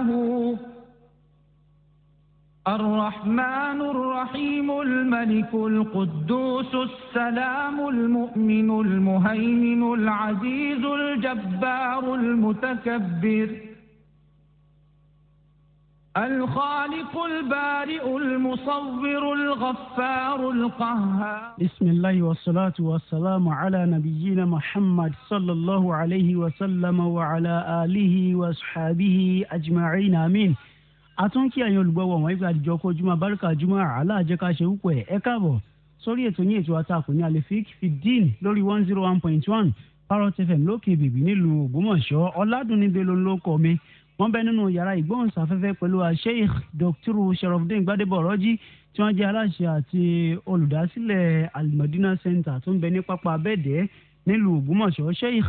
معه الرحمن الرحيم الملك القدوس السلام المؤمن المهيمن العزيز الجبار المتكبر الخالق البارئ المصور الغفار القهار بسم الله والصلاة والسلام على نبينا محمد صلى الله عليه وسلم وعلى آله وصحبه أجمعين آمين atún kí ẹ̀yin olùgbọ́wọ́ wọn ìgbà àdìjọ kó jùmọ̀ abárúkà jùmọ̀ aláàjẹká ṣe wúpọ̀ ẹ̀ ẹ̀ káàbọ̀ sórí ètò yín ètò àtàkùn ní alefik fidin lórí one zero one point one parrot fm lókè bèbí nílùú ògbómọ̀ṣọ́ ọ̀làdúnníbẹ̀ ló ń lókọ̀ mi wọ́n bẹ nínú yàrá ìgbóhùnsáfẹ́fẹ́ pẹ̀lú sheikh dr sherofdin gbadebo ọ̀rọ́jì tí wọ́n jẹ́ aláṣẹ àti olùdásílẹ̀ alimadina center tó ń bẹ ní pápá abẹ́ẹ̀dẹ́ nílùú ògbómọ̀ṣọ́ sheikh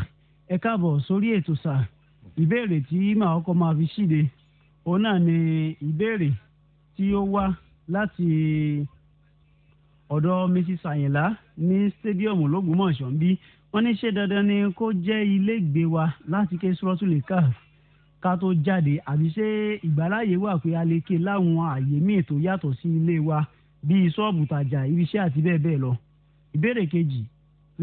ẹ káàbọ̀ sórí ètò sà ìbéèrè tí màá kọ́ máa fi ṣíde òun náà ni ìbéèrè tí ó wá láti ọ̀dọ̀ mrs àyìnlá ní stadium ológbómọ̀ṣọ́ ń bí wọ́n ní ṣé dandan ni kó jẹ́ ilégbèé wa láti ké sùrọ́tù lè káàfù ká tó jáde àbí ṣé ìgbàláyè wà pé a lè ké láwọn àyè míì tó yàtọ̀ sí ilé wa bíi ṣọ́ọ̀bù tàjà ibiṣẹ́ àti bẹ́ẹ̀ bẹ́ẹ̀ lọ. ìbéèrè kejì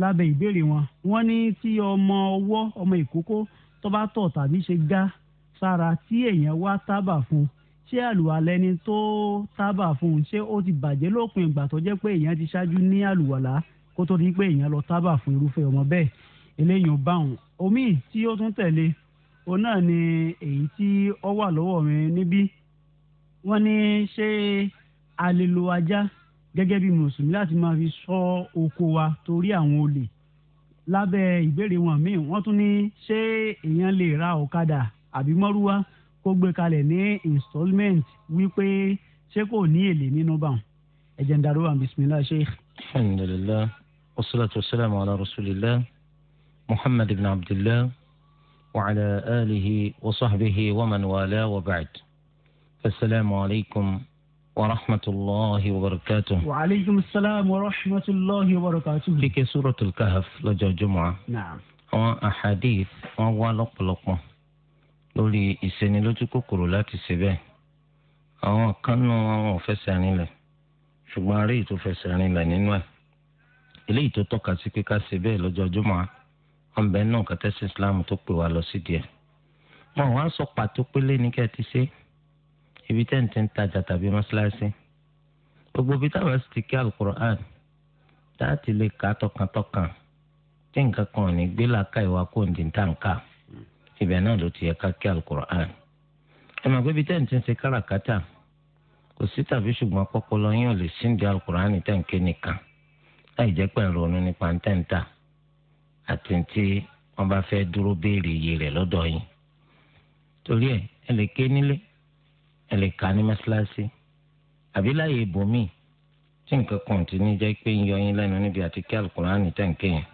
lábẹ́ ìbéèrè wọn wọ́n ní tí ọmọ ọwọ́ ọmọ ìkókó tó bá tọ̀ tàbí ṣe gá sára tí èèyàn wá tábà fún ṣé àlùwàlá ẹni tó tábà fún ṣé ó ti bàjẹ́ lópin ìgbà tó jẹ́ pé èèyàn ti ṣáájú ní àlùwàlá kó tó di pé èèyàn lọ tábà fún irúfẹ́ ọmọ bẹ́ẹ̀ eléyìí ò bá òun omi tí ó tún tẹ̀lé òun náà ni èyí tí ó wà lọ́wọ́ mi níbí wọ́n ní ṣé a lè lo ajá gẹ́gẹ́ bí mùsùlùmí láti máa fi ṣọ́ oko wa torí àwọn olè lábẹ́ ìbéèrè wọn míì wọ́n tún ní ṣé èèyàn lè ra ọ̀kadà àbí mọ́rúwá kó gbé kalẹ̀ ní installment wípé ṣé kò ní èlé nínú bá wọn ẹ̀jẹ̀ ń darúwà bismillah sheikh. alhamdulilayi wasalaatu wasalaamu ala rasulillah muhammad ibn abdullah. وعلى آله وصحبه ومن والاه وبعد السلام عليكم ورحمة الله وبركاته وعليكم السلام ورحمة الله وبركاته في سورة الكهف لجا جمعة نعم وأحاديث ووالق لقمة lórí ìsenilójú kòkòrò láti ṣe bẹ́ẹ̀ àwọn kan nù àwọn ò fẹsẹ̀ ṣùgbọ́n arí ìtò fẹsẹ̀ rinlẹ̀ nínú ẹ̀ eléyìí tó tọ́ka sí pé ká ṣe bẹ́ẹ̀ lọ́jọ́ jùmọ̀ ọ̀nbẹ náà nǹkan islam tó pè wá lọ sí díẹ̀ wọn wá sọ pàtó pélé ní kẹ́ ẹ ti ṣe ibi tẹ́ ń ti ń tajà tàbí mọ́ṣáláṣí gbogbo ibi táwọn sì ti kí alukur'an táàtì lè kà tọkàntọkàn tí nǹkan kan ò ní gbé làákà ìwà kó ń di ń tàǹkà ibẹ̀ náà ló ti yẹ ká kí alukur'an ẹ mọ̀ pé ibi tẹ́ ń ṣe káràkátà kò sí tàbí ṣùgbọ́n pọ́pọ́ ò lè síndìí alukur'an tẹ̀ nìkan láì jẹ́ pẹ̀lú ronú àti tí wọ́n bá fẹ́ dúró béèrè iye rẹ̀ lọ́dọ̀ yín torí ẹ̀ ẹ lè ké nílé ẹ lè kà ní mọ́ṣáláṣí àbí láàyè ibòmíì tí nǹkan kan ti ní jẹ́ pé ń yọ yín lẹ́nu níbi àti kí alukur'an tẹ̀ ń kéyàn.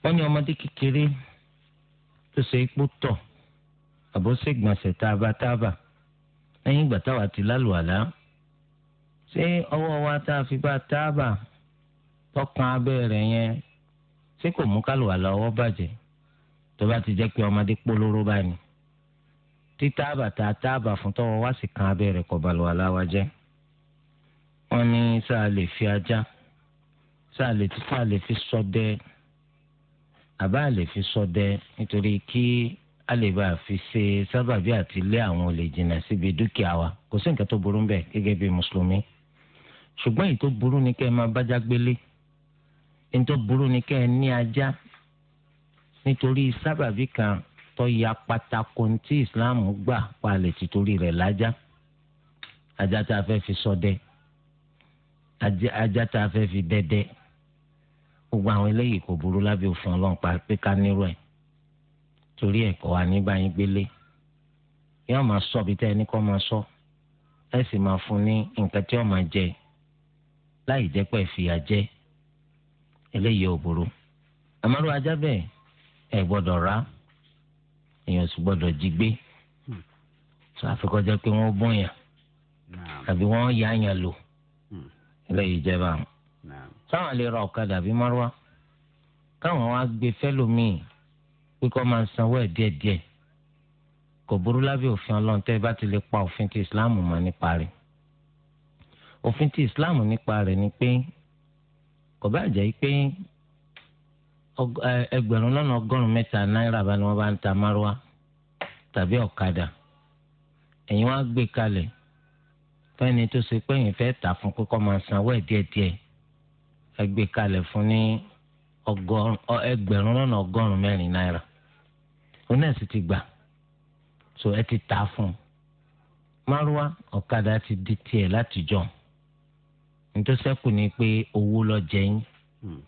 wọ́n ní ọmọdé kékeré tó ṣe ipò tọ̀ àbọ̀ṣègbọ̀nsẹ̀ tábàtábà lẹ́yìn ìgbà táwa ti lálùwàlá ṣé ọwọ́ wa tá a fi bá tábà tọkàn abẹ́ yẹn ṣé kò mú kálùwà lọ́wọ́ bàjẹ́ tó bá ti jẹ́ pé ọmọdé polówó báyìí títáàbà tá a táàbà fún tọ́wọ́ wá sí kan abẹ́rẹ́ kọ́ balùwà láwa jẹ́ wọ́n ní sáà lè fi ajá sáà lè títà lè fi ṣọdẹ àbá lè fi ṣọdẹ nítorí kí a fi ṣe sábàbí àti lé àwọn olè jìnnà síbi dúkìá wa kò sí nǹkan tó burú ń bẹ gẹ́gẹ́ bí mùsùlùmí ṣùgbọ́n èyí tó burú ni kẹ́ ẹ máa bájá gbélé nítorí burú ni kẹ́ ẹ ní ajá nítorí sábàbí kan tó ya pátákó tí islam gbà palẹ̀ títorí rẹ̀ lájá ajá tá a fẹ́ fi ṣọdẹ ajá tá a fẹ́ fi dẹdẹ gbogbo àwọn eléyìí kò burú lábẹ́ òfin ọlọ́run pa pé ká nírú ẹ̀ torí ẹ̀kọ́ wa nígbà yín gbélé yóò máa sọ bí tẹ́ ẹni kọ́ máa sọ ẹ sì máa fún ní nǹkan tí ó máa jẹ láì jẹ́ pé fìyà jẹ eléyìí ò burú àmọ́rú ajá bẹ́ẹ̀ ẹ̀ gbọ́dọ̀ rà èèyàn sì gbọ́dọ̀ jí gbé tó àfikọ́jọ́ pé wọ́n bọ̀yàn àbí wọ́n yá yàn lò hmm. eléyìí jẹba táwọn lè ra ọ̀kadà bí márùá káwọn wá gbé fẹ́lòmíì pé kó máa sanwó ẹ̀ díẹ̀díẹ̀ kò burú lábẹ́ òfin ọlọ́run tẹ́ bá ti lè pa òfin ti islam mọ́ nípa rẹ̀ òfin ti islam nípa rẹ̀ ni pé kò bá jẹ́ pé ẹgbẹ̀rún lọ́nà ọgọ́rùn-ún mẹ́ta náírà bá ni wọ́n bá ń ta márúwá tàbí ọ̀kadà ẹ̀yin wá gbé kalẹ̀ fẹ́ni tó ṣe pé ẹ̀yin fẹ́ tà fún pé kó máa sanwó ẹ̀ díẹ̀díẹ̀ ẹ gbé kalẹ̀ fún ní ẹgbẹ̀rún lọ́nà ọgọ́rùn-ún mẹ́rin náírà òun náà sì ti gbà so ẹ ti tà fún un márúwá ọ̀kadà ti di tiẹ̀ látijọ́. nítorí ni pé owó lọ jẹ hmm.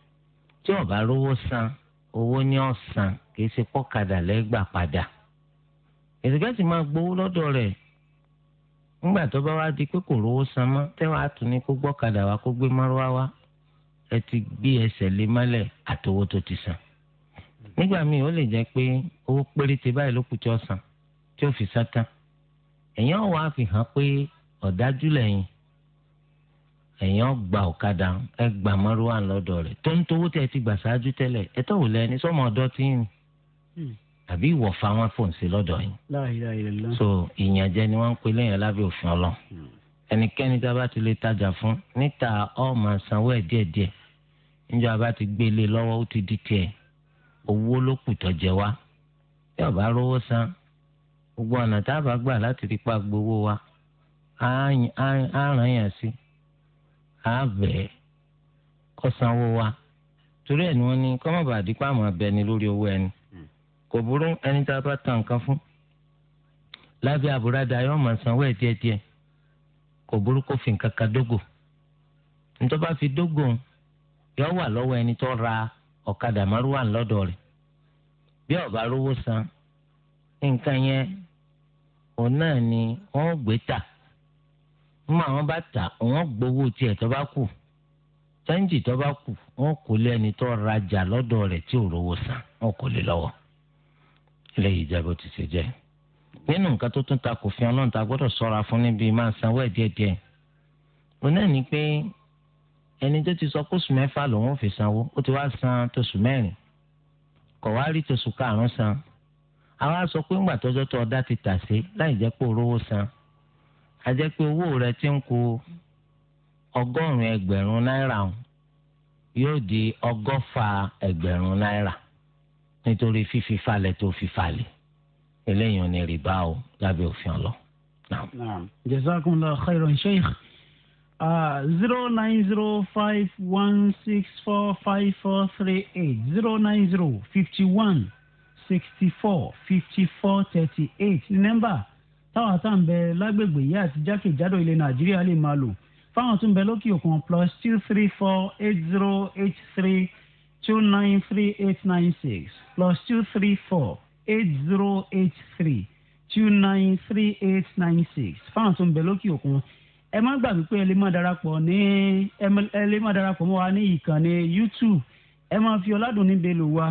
tí ọba rówó san owó ní ọ̀sán kì í ṣe pọ́kadà lẹ́gbà padà èsìkẹ́sì máa gbowó lọ́dọ̀ rẹ̀ ńgbà tó bá wá di pé kò rówó san mọ́ tẹ́wọ́ àtún ni kó gbọ́kadà wá kó gbé márúwá wá ẹ ti gbé ẹsẹ̀ lé mọ́lẹ̀ àtowó tó ti san nígbà míì ó lè jẹ́ pé owó péréte báyìí ló kù tí ó san tí ó fi sátán tán èèyàn wàá fi hàn pé ọ̀dájú lẹ́yìn èèyàn gba ọ̀kadà ẹ gba márùwà lọ́dọ̀ rẹ̀ tó ń towó tẹ̀ ti gbà ṣáájú tẹ́lẹ̀ ẹ tọ́ wò lẹ́ni sọ́mọ ọ̀dọ́ tí ń hmm. àbí ìwọ̀ fa wọn fò ń ṣe lọ́dọ̀ yìí so ìyànjẹ ni wọ́n ń pe lẹ́yìn lábẹ́ òfin ọlọ́ hmm. ẹnikẹ́ni tí a bá ti lè tajà fún níta ọ́ máa sanwó ẹ̀ díẹ̀díẹ̀ níjọ́ a bá ti gbé lé lọ́wọ́ ó ti di tiẹ̀ owó ló kù tó jẹ wá tí a bá rówó san gbogbo ọ̀nà tá a bá gbà láti rí pa gbowó wa á ràn yàn sí i àbẹ̀ kó wa torí ẹ̀ ni wọ́n ní kọ́ mọ̀bà àdìpọ̀ abẹ ni lórí owó ẹni hmm. kò burú ẹni tá a bá ta fún lábẹ́ àbúradà yóò máa sanwó ẹ̀ kò burú kó fi nǹkan kan dógò fi dógò yóò wà lọ́wọ́ ra ọ̀kadà márùwà lọ́dọ̀ rẹ̀ bí ọba rówó san nǹkan yẹn òun náà ni mọ àwọn bá tà wọn gbowó tiẹ̀ tó bá kù sẹ́ńjì tó bá kù wọn kò lé ẹni tó rajà lọ́dọ̀ rẹ̀ tí ò rówó san wọn kò lè lọ́wọ́ eléyìí ìjábọ̀ ti ṣe jẹ́ nínú nǹkan tó tún ta kò fi ọlọ́run ta gbọ́dọ̀ sọ́ra fún níbi máa sanwó ẹ̀ díẹ̀díẹ̀ òun náà ni pé ẹni tó ti sọ pé oṣù mẹ́fà lòun fi sanwó ó ti wá san tóṣù mẹ́rin kọ̀ wá rí tóṣù karùn-ún san àwa sọ pé ńgbà tọ́jọ́ tó ọdá ti tà sí láì jẹ́ pé ó rówó san ajẹ́ pé owó rẹ ti ń kù ọgọ́rùn-ún ẹgbẹ̀rún náírà yóò di ọgọ́fà ẹgbẹ̀rún náírà nítorí fífi falẹ̀ tó fi falẹ̀ eléyìí ò rìbá o lábẹ́ òfin ọlọ. jazakumullahu khairan sheikh ah, zero nine zero five one six four five four three eight zero nine zero fifty one sixty four fifty four thirty eight nọ́mbà táwọn tá à ń bẹ lágbègbè yìí àti jákèjádò ilẹ̀ nàìjíríà lè máa lò fáwọn tó ń bẹ lókè òkun plus two three four eight zero eight three two nine three eight nine six plus two three four eight zero eight three two nine three eight nine six fáwọn tó bẹ lókè òkun ẹ má gbàgbé pé ẹ lè má darapọ̀ ní ẹ lè má darapọ̀ mọ́ wa ní ìkànnì youtube ẹ máa fi ọ̀làdùn níbẹ̀ lò wá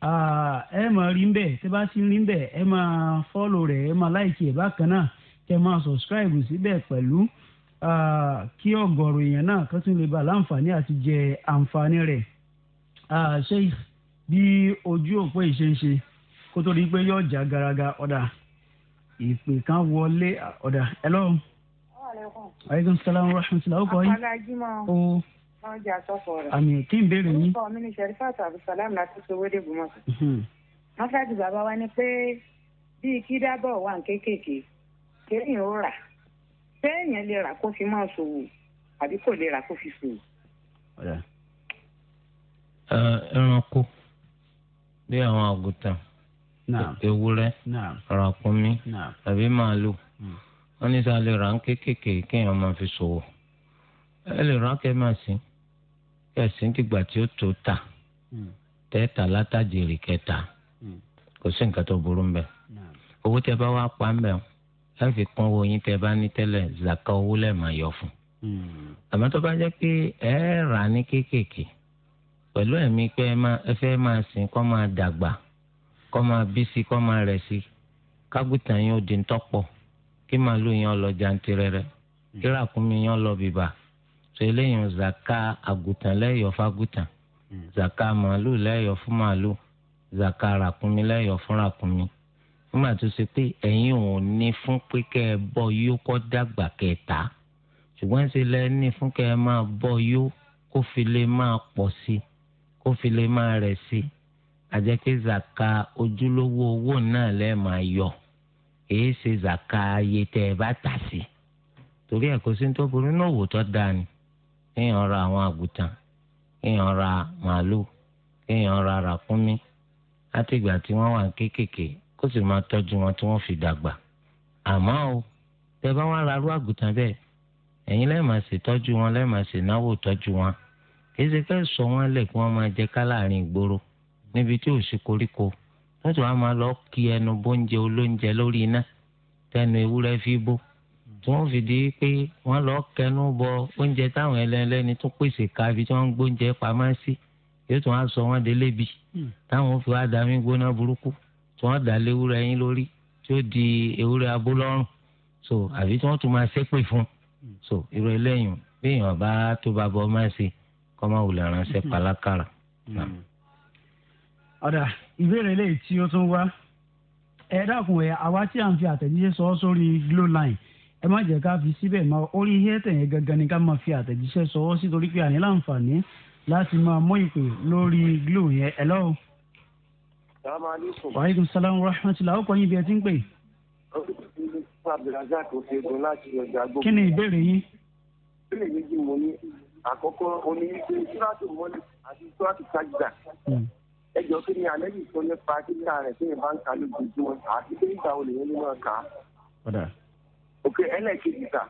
ẹ máa rí ń bẹ̀ tẹ́ bá ti rí ń bẹ̀ ẹ máa fọ́lọ̀ rẹ̀ ẹ máa láìkí ẹ̀ bákan náà kẹ́ máa sọ̀scribe síbẹ̀ pẹ̀lú kí ọ̀gọ̀rọ̀ èèyàn náà kó tún lè bá láǹfààní àti jẹ àǹfààní rẹ̀ ṣé bí ojú òpó ìṣeǹṣe kó tó di pé yóò já garaga ọ̀dà ìpè kan wọlé ọ̀dà ẹ lọ́wọ́. aleykum salaam wa rahmatulah. ọkọ yìí wọ́n jẹ́ asọ́fọ̀ rẹ̀. àmì kí n béèrè yín. orúkọ mi ni sherifat abdulsalam láti sowédé bùmọ̀sọ. Mhm. wọ́n ṣáàtì bàbá wa ní pé bíi kí dábọ̀ wà ní kéékèèké kéèyàn ó rà kéèyàn lè rà kó fi máa ṣòwò àbí kò lè rà kó fi ṣòwò. ẹranko bí àwọn àgùntàn ewúrẹ́ ràkúnmí àbí màálù hmm. wọ́n ní sáà lè rà ń kéékèèké kéèyàn máa fi ṣòwò ẹ lè rà kẹ́ máa sìn ẹ̀sìn dìgbà tí ó tó tà hmm. tẹ́ẹ̀ta látàjèrè kẹta hmm. kò sí nǹkan tó burú mbẹ. owó tẹ bá wá pa mbẹ ẹ kún owó yín tẹ bá ní tẹ́lẹ̀ zaka owó lẹ́ẹ̀ máa yọ fún. Hmm. àmọ́ tó bá jẹ́ pé ẹ rà ní kéékèèké pẹ̀lú ẹ̀mí pé ẹ fẹ́ máa sìn kọ́ máa dàgbà kọ́ máa bí sí kọ́ máa rẹ̀ sí kágùtàn yín ó di ń tọ́pọ̀ kí màálù yín ó jantirẹrẹ kí ràkúnmí yín ó bìbà so eléyìí zaka àgùtàn lẹ́yọ̀ fágùtàn hmm. zaka màálù lẹ́yọ̀ fún màálù zaka ràkúnmi lẹ́yọ̀ fún ràkúnmi nígbà tó ṣe pé ẹ̀yin ò ní fún pé kẹ́ ẹ bọ́ yó kọ́ dàgbà kẹ́ ẹ tà ṣe lẹ́ fún kẹ́ ẹ máa bọ́ yó kó fi lè máa pọ̀ sí i kó fi lè máa rẹ̀ sí i àjẹ́ pé zaka ojúlówó owó náà lẹ́ máa yọ èé ṣe zaka ayé tẹ́ ẹ bá tà sí i torí ẹ̀ kò sí ní tó burú náà wò tó dáa ni kéèyàn ra àwọn àgùntàn kéèyàn ra màálù kéèyàn ra ràkúnmí láti ìgbà tí wọ́n wà kéékèèké kó sì máa tọ́jú wọn tí wọ́n fi dàgbà àmọ́ o tẹ́ bá wọn ra arú àgùntàn bẹ́ẹ̀ ẹ̀yin lẹ́ẹ̀ máa ṣe tọ́jú wọn lẹ́ẹ̀ máa ṣe náwó tọ́jú wọn kì í ṣe fẹ́ sọ wọn lẹ̀ kí wọ́n máa jẹ ká láàrin ìgboro níbi tí ò sí koríko wọ́n sì máa lọ kí ẹnu bóúnjẹ olóúnjẹ lórí iná tẹnu ewúrẹ́ fi bó tí wọ́n fi di pé wọ́n lọ kẹnu bọ oúnjẹ táwọn ẹlẹ́ni tó pèsè kábi tí wọ́n ń gbóúnjẹ pamọ́ sí yóò tún wá sọ wọ́n délé bi hmm. táwọn fi wá dá mi gbóná burúkú tí wọ́n dá léwúrẹ́ yín lórí tí ó di ewúrẹ́ abúlọ́rùn so àbí tí wọ́n tún máa ṣépè fún hmm. so irú eléyìí bí èèyàn bá tó bá bọ́ máa ṣe kọ́ máa wùlẹ̀ ránṣẹ́ hmm. pàlákàrà. ọ̀dà ìbéèrè eléyìí tí ó tún wá ẹ dákun ẹ̀ àwa tí à ń fi àtẹ̀jíṣẹ́ sọ sórí Glo line ẹ má jẹ́ ká fi síbẹ̀ máa orí airtel yẹn gangan ni ká máa fi àtẹ̀jíṣẹ́ sọwọ́ sí torí pé àní láǹfààní láti máa mú ìpè lórí glo yẹn ẹ lọ́wọ́. wàhálà sàlámù rahmatulah ó kọ́ yín bí ẹ ti ń pè. kí ni ìbéèrè yín. ìbéèrè méjì mo ní àkọ́kọ́ oní ìgbé síláàtì mọ́lì àti síláàtì kájíjà hmm. ẹ jọ kí ni àlẹ́yìn tó nípa kíkà rẹ̀ sí ìbáǹkà lójoojúmọ́ àti pé ìgbà olè yẹn ló máa kà á òkè ẹlẹ́ẹ̀kejì ta